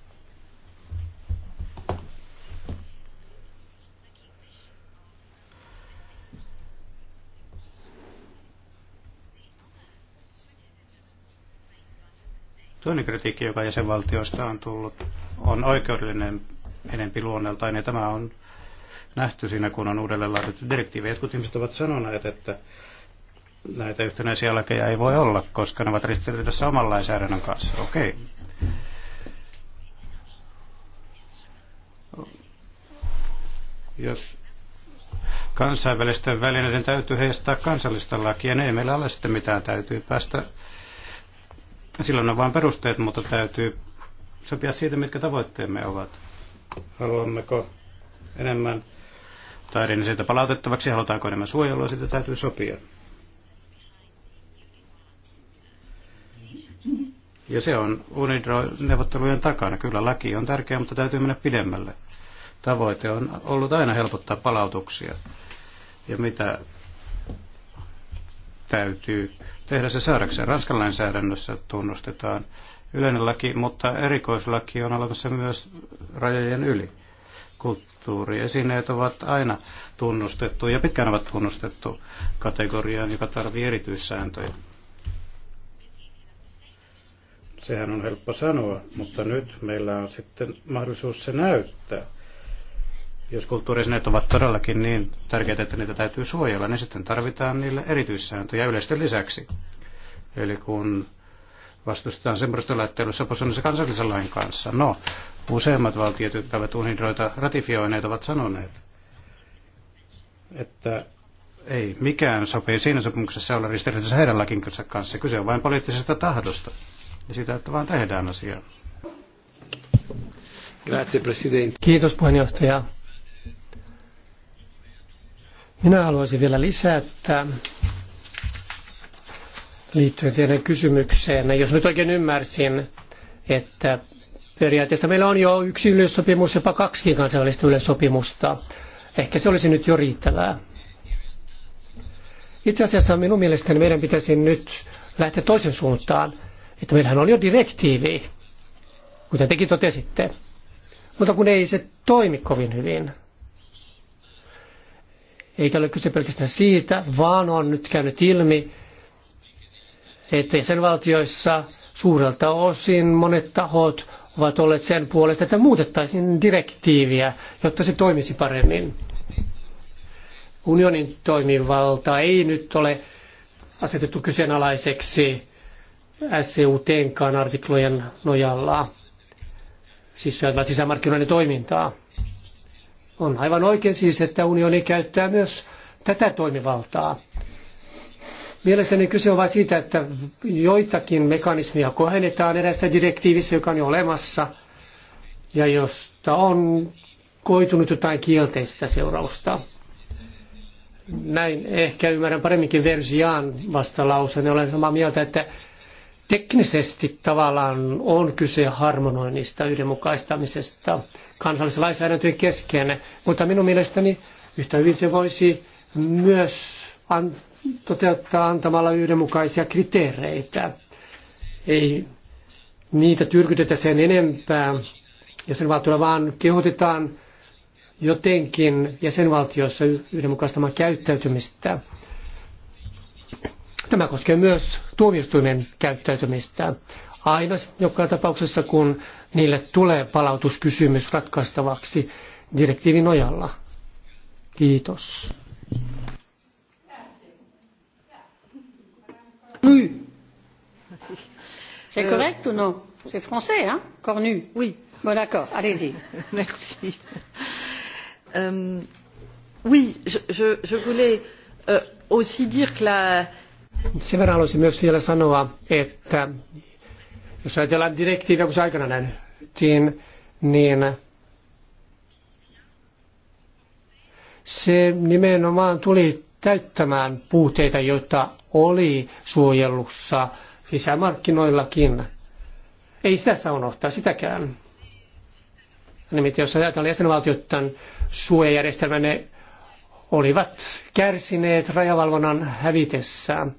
Toinen kritiikki, joka jäsenvaltioista on tullut, on oikeudellinen enempi luonneltaan, ja tämä on nähty siinä, kun on uudelleen laadittu direktiivi. Jotkut ihmiset ovat sanoneet, että näitä yhtenäisiä lakeja ei voi olla, koska ne ovat ristiriidassa oman lainsäädännön kanssa. Okei. Okay. Jos kansainvälisten välineiden täytyy heistää kansallista lakia, niin ei meillä ole sitten mitään. Täytyy päästä Silloin on vain perusteet, mutta täytyy sopia siitä, mitkä tavoitteemme ovat. Haluammeko enemmän tairin niin siitä palautettavaksi, halutaanko enemmän suojelua, siitä täytyy sopia. Ja se on UNIDRO-neuvottelujen takana. Kyllä laki on tärkeä, mutta täytyy mennä pidemmälle. Tavoite on ollut aina helpottaa palautuksia. Ja mitä täytyy tehdä se saadakseen. Ranskan lainsäädännössä tunnustetaan yleinen laki, mutta erikoislaki on olemassa myös rajojen yli. Kulttuuriesineet ovat aina tunnustettu ja pitkään ovat tunnustettu kategoriaan, joka tarvii erityissääntöjä. Sehän on helppo sanoa, mutta nyt meillä on sitten mahdollisuus se näyttää – jos kulttuurisineet ovat todellakin niin tärkeitä, että niitä täytyy suojella, niin sitten tarvitaan niille erityissääntöjä yleisten lisäksi. Eli kun vastustetaan semmoista laitteilua sopusuunnassa kansallisen lain kanssa. No, useimmat valtiot, jotka ovat unidroita ratifioineet, ovat sanoneet, että ei mikään sopii siinä sopimuksessa olla ristiriidassa heidän lakinsa kanssa. Kyse on vain poliittisesta tahdosta ja sitä, että vaan tehdään asiaa. Grazie, Kiitos puheenjohtaja. Minä haluaisin vielä lisätä liittyen teidän kysymykseen. No jos nyt oikein ymmärsin, että periaatteessa meillä on jo yksi yleissopimus, jopa kaksi kansainvälistä yleissopimusta. Ehkä se olisi nyt jo riittävää. Itse asiassa minun mielestäni meidän pitäisi nyt lähteä toisen suuntaan, että meillähän on jo direktiivi, kuten tekin totesitte. Mutta kun ei se toimi kovin hyvin, eikä ole kyse pelkästään siitä, vaan on nyt käynyt ilmi, että jäsenvaltioissa suurelta osin monet tahot ovat olleet sen puolesta, että muutettaisiin direktiiviä, jotta se toimisi paremmin. Unionin toimivalta ei nyt ole asetettu kyseenalaiseksi SEUTnkaan artiklojen nojalla, siis sisämarkkinoiden toimintaa. On aivan oikein siis, että unioni käyttää myös tätä toimivaltaa. Mielestäni kyse on vain siitä, että joitakin mekanismia kohennetaan eräässä direktiivissä, joka on jo olemassa, ja josta on koitunut jotain kielteistä seurausta. Näin ehkä ymmärrän paremminkin Versiaan vastalauseen. Olen samaa mieltä, että teknisesti tavallaan on kyse harmonoinnista, yhdenmukaistamisesta kansallislainsäädäntöjen kesken, mutta minun mielestäni yhtä hyvin se voisi myös an- toteuttaa antamalla yhdenmukaisia kriteereitä. Ei niitä tyrkytetä sen enempää, sen vaan kehotetaan jotenkin jäsenvaltiossa yhdenmukaistamaan käyttäytymistä. Tämä koskee myös tuomioistuimen käyttäytymistä. Aina joka tapauksessa, kun niille tulee palautuskysymys ratkaistavaksi direktiivin nojalla. Kiitos. Cornu. C'est euh. correct ou non C'est français, hein Cornu. Oui. Bon, d'accord, allez-y. Merci. Euh, oui, je, je, je voulais euh, aussi dire que la, sen verran haluaisin myös vielä sanoa, että jos ajatellaan direktiiviä, kun se aikana nähtiin, niin se nimenomaan tuli täyttämään puutteita, joita oli suojellussa sisämarkkinoillakin. Ei sitä saa unohtaa sitäkään. Nimittäin jos ajatellaan jäsenvaltioiden suojajärjestelmä, ne olivat kärsineet rajavalvonnan hävitessään.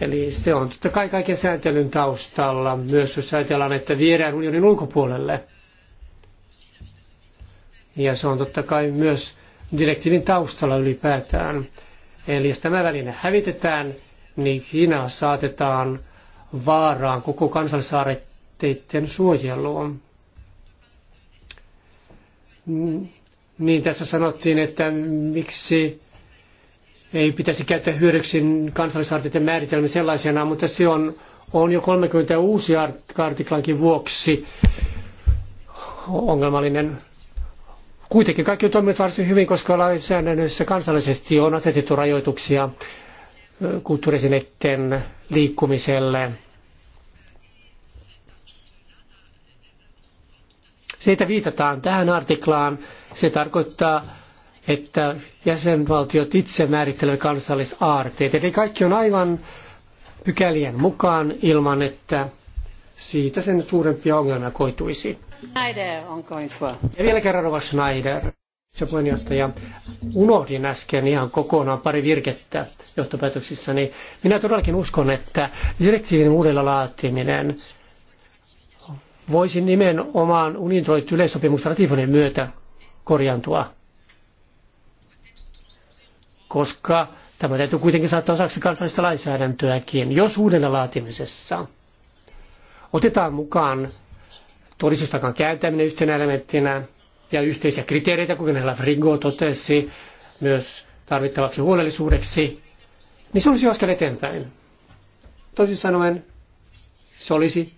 Eli se on totta kai kaiken sääntelyn taustalla, myös jos ajatellaan, että viedään unionin ulkopuolelle. Ja se on totta kai myös direktiivin taustalla ylipäätään. Eli jos tämä väline hävitetään, niin Kiina saatetaan vaaraan koko kansallisaaretteiden suojeluun. Niin tässä sanottiin, että miksi ei pitäisi käyttää hyödyksi kansallisartisten määritelmä sellaisena, mutta se on, on jo 30 uusi artiklankin vuoksi ongelmallinen. Kuitenkin kaikki on toiminut varsin hyvin, koska lainsäädännössä kansallisesti on asetettu rajoituksia kulttuurisineiden liikkumiselle. Siitä viitataan tähän artiklaan. Se tarkoittaa että jäsenvaltiot itse määrittelevät kansallisaarteet. Eli kaikki on aivan pykälien mukaan ilman, että siitä sen suurempia ongelmia koituisi. Schneider on going for. Ja vielä kerran Rova Schneider. Se puheenjohtaja, unohdin äsken ihan kokonaan pari virkettä johtopäätöksissäni. Minä todellakin uskon, että direktiivin uudella laatiminen voisi nimenomaan unintroittu yleissopimuksen ratifioinnin myötä korjantua koska tämä täytyy kuitenkin saattaa osaksi kansallista lainsäädäntöäkin, jos uudelleen laatimisessa otetaan mukaan todistustakan kääntäminen yhtenä elementtinä ja yhteisiä kriteereitä, kuten Frigo totesi, myös tarvittavaksi huolellisuudeksi, niin se olisi askel eteenpäin. Toisin sanoen se olisi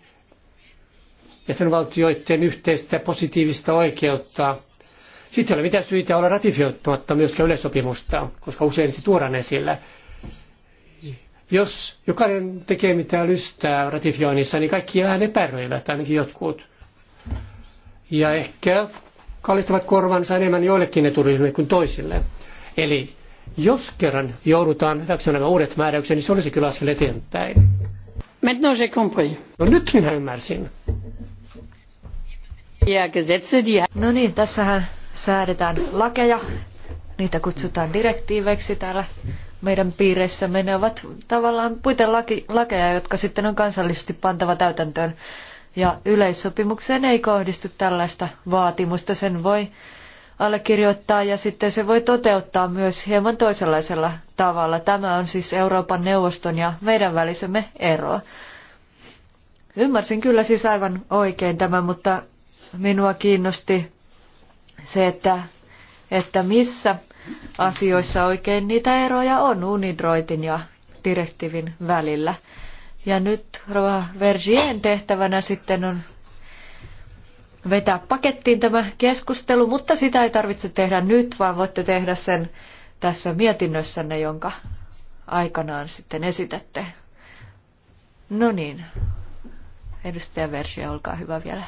jäsenvaltioiden yhteistä positiivista oikeutta sitten ei ole mitään syitä olla ratifioittamatta myöskään yleissopimusta, koska usein se tuodaan esille. Jos jokainen tekee mitä lystää ratifioinnissa, niin kaikki vähän epäröivät, ainakin jotkut. Ja ehkä kallistavat korvansa enemmän joillekin eturyhmille kuin toisille. Eli jos kerran joudutaan hyväksymään nämä uudet määräykset, niin se olisi kyllä askel eteenpäin. Maintenant j'ai compris. No nyt minä ymmärsin. No niin, tässähän säädetään lakeja, niitä kutsutaan direktiiveiksi täällä meidän piireissä Ne ovat tavallaan puitelakeja, jotka sitten on kansallisesti pantava täytäntöön. Ja yleissopimukseen ei kohdistu tällaista vaatimusta, sen voi allekirjoittaa ja sitten se voi toteuttaa myös hieman toisenlaisella tavalla. Tämä on siis Euroopan neuvoston ja meidän välisemme ero. Ymmärsin kyllä siis aivan oikein tämän, mutta minua kiinnosti se, että, että missä asioissa oikein niitä eroja on unidroitin ja direktiivin välillä. Ja nyt Rova Vergien tehtävänä sitten on vetää pakettiin tämä keskustelu, mutta sitä ei tarvitse tehdä nyt, vaan voitte tehdä sen tässä mietinnössänne, jonka aikanaan sitten esitätte. No niin, edustaja Versia, olkaa hyvä vielä.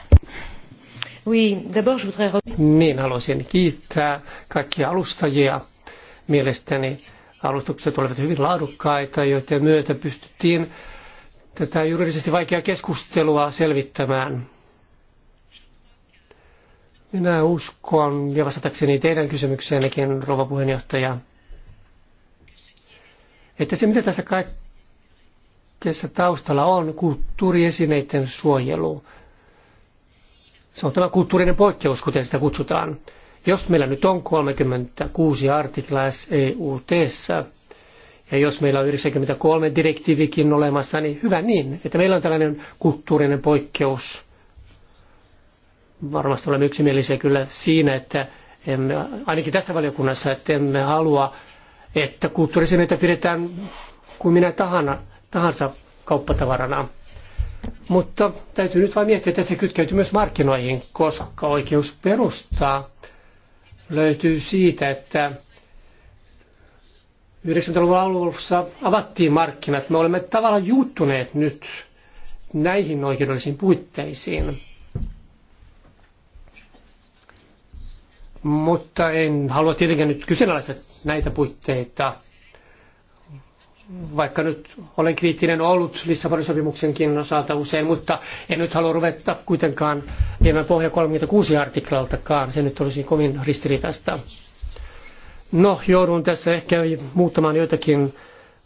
Niin, haluaisin kiittää kaikkia alustajia. Mielestäni alustukset olivat hyvin laadukkaita, joiden myötä pystyttiin tätä juridisesti vaikeaa keskustelua selvittämään. Minä uskon, ja vastatakseni teidän kysymykseennekin, rouva puheenjohtaja, että se mitä tässä kaikessa taustalla on, kulttuuriesineiden suojelu – se on tämä kulttuurinen poikkeus, kuten sitä kutsutaan. Jos meillä nyt on 36 artiklaa eut ja jos meillä on 93 direktiivikin olemassa, niin hyvä niin, että meillä on tällainen kulttuurinen poikkeus. Varmasti olemme yksimielisiä kyllä siinä, että emme, ainakin tässä valiokunnassa, että emme halua, että kulttuurisimeitä pidetään kuin minä tahana, tahansa kauppatavarana. Mutta täytyy nyt vain miettiä, että se kytkeytyy myös markkinoihin, koska oikeus perustaa löytyy siitä, että 90-luvun alussa avattiin markkinat. Me olemme tavallaan juuttuneet nyt näihin oikeudellisiin puitteisiin. Mutta en halua tietenkään nyt kyseenalaistaa näitä puitteita vaikka nyt olen kriittinen ollut Lissabonin sopimuksenkin osalta usein, mutta en nyt halua ruveta kuitenkaan viemään pohja 36 artiklaltakaan, se nyt olisi kovin ristiriitaista. No, joudun tässä ehkä muuttamaan joitakin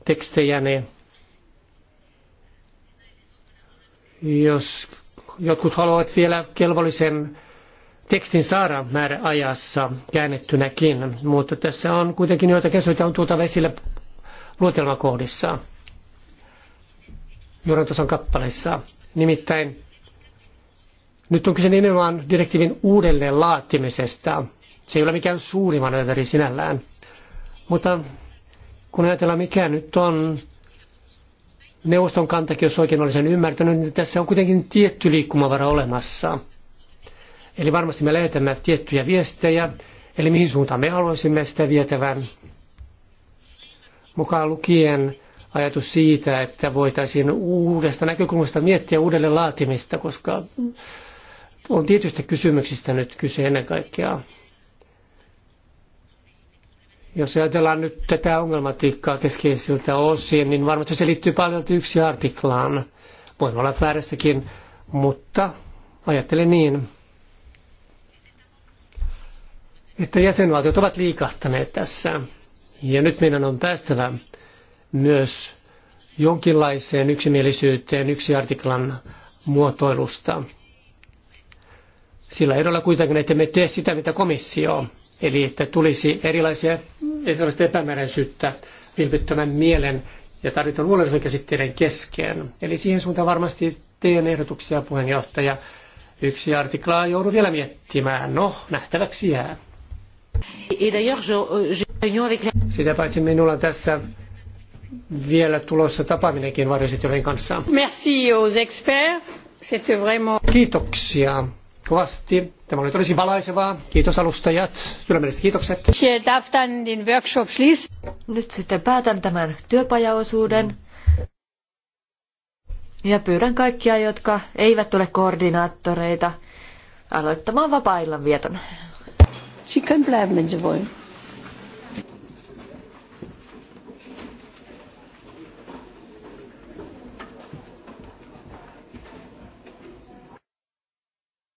tekstejäni. Jos jotkut haluavat vielä kelvollisen tekstin saada määräajassa käännettynäkin, mutta tässä on kuitenkin joitakin asioita on tuotava esille luotelmakohdissaan, johdantosan kappaleissa. Nimittäin nyt on kyse nimenomaan direktiivin uudelleen laatimisesta. Se ei ole mikään suuri manööveri sinällään. Mutta kun ajatellaan, mikä nyt on neuvoston kantakin, jos oikein olisin ymmärtänyt, niin tässä on kuitenkin tietty liikkumavara olemassa. Eli varmasti me lähetämme tiettyjä viestejä, eli mihin suuntaan me haluaisimme sitä vietävän mukaan lukien ajatus siitä, että voitaisiin uudesta näkökulmasta miettiä uudelleen laatimista, koska on tietystä kysymyksistä nyt kyse ennen kaikkea. Jos ajatellaan nyt tätä ongelmatiikkaa keskeisiltä osin, niin varmasti se liittyy paljon yksi artiklaan. Voin olla väärässäkin, mutta ajattelen niin, että jäsenvaltiot ovat liikahtaneet tässä. Ja nyt meidän on päästävä myös jonkinlaiseen yksimielisyyteen yksi artiklan muotoilusta. Sillä erolla kuitenkin, että me tee sitä, mitä komissio on. Eli että tulisi erilaisia, erilaista epämääräisyyttä vilpittömän mielen ja tarvitaan huolellisuuden käsitteiden kesken. Eli siihen suuntaan varmasti teen ehdotuksia, puheenjohtaja. Yksi artiklaa joudun vielä miettimään. No, nähtäväksi jää. Et sitä paitsi minulla on tässä vielä tulossa tapaaminenkin varjosityöiden kanssa. Merci aux experts. vraiment... Kiitoksia kovasti. Tämä oli tosi valaisevaa. Kiitos alustajat. Sydämelliset kiitokset. Nyt sitten päätän tämän työpajaosuuden. Ja pyydän kaikkia, jotka eivät ole koordinaattoreita, aloittamaan vapaa-illan vieton. Chicken bleiben, wenn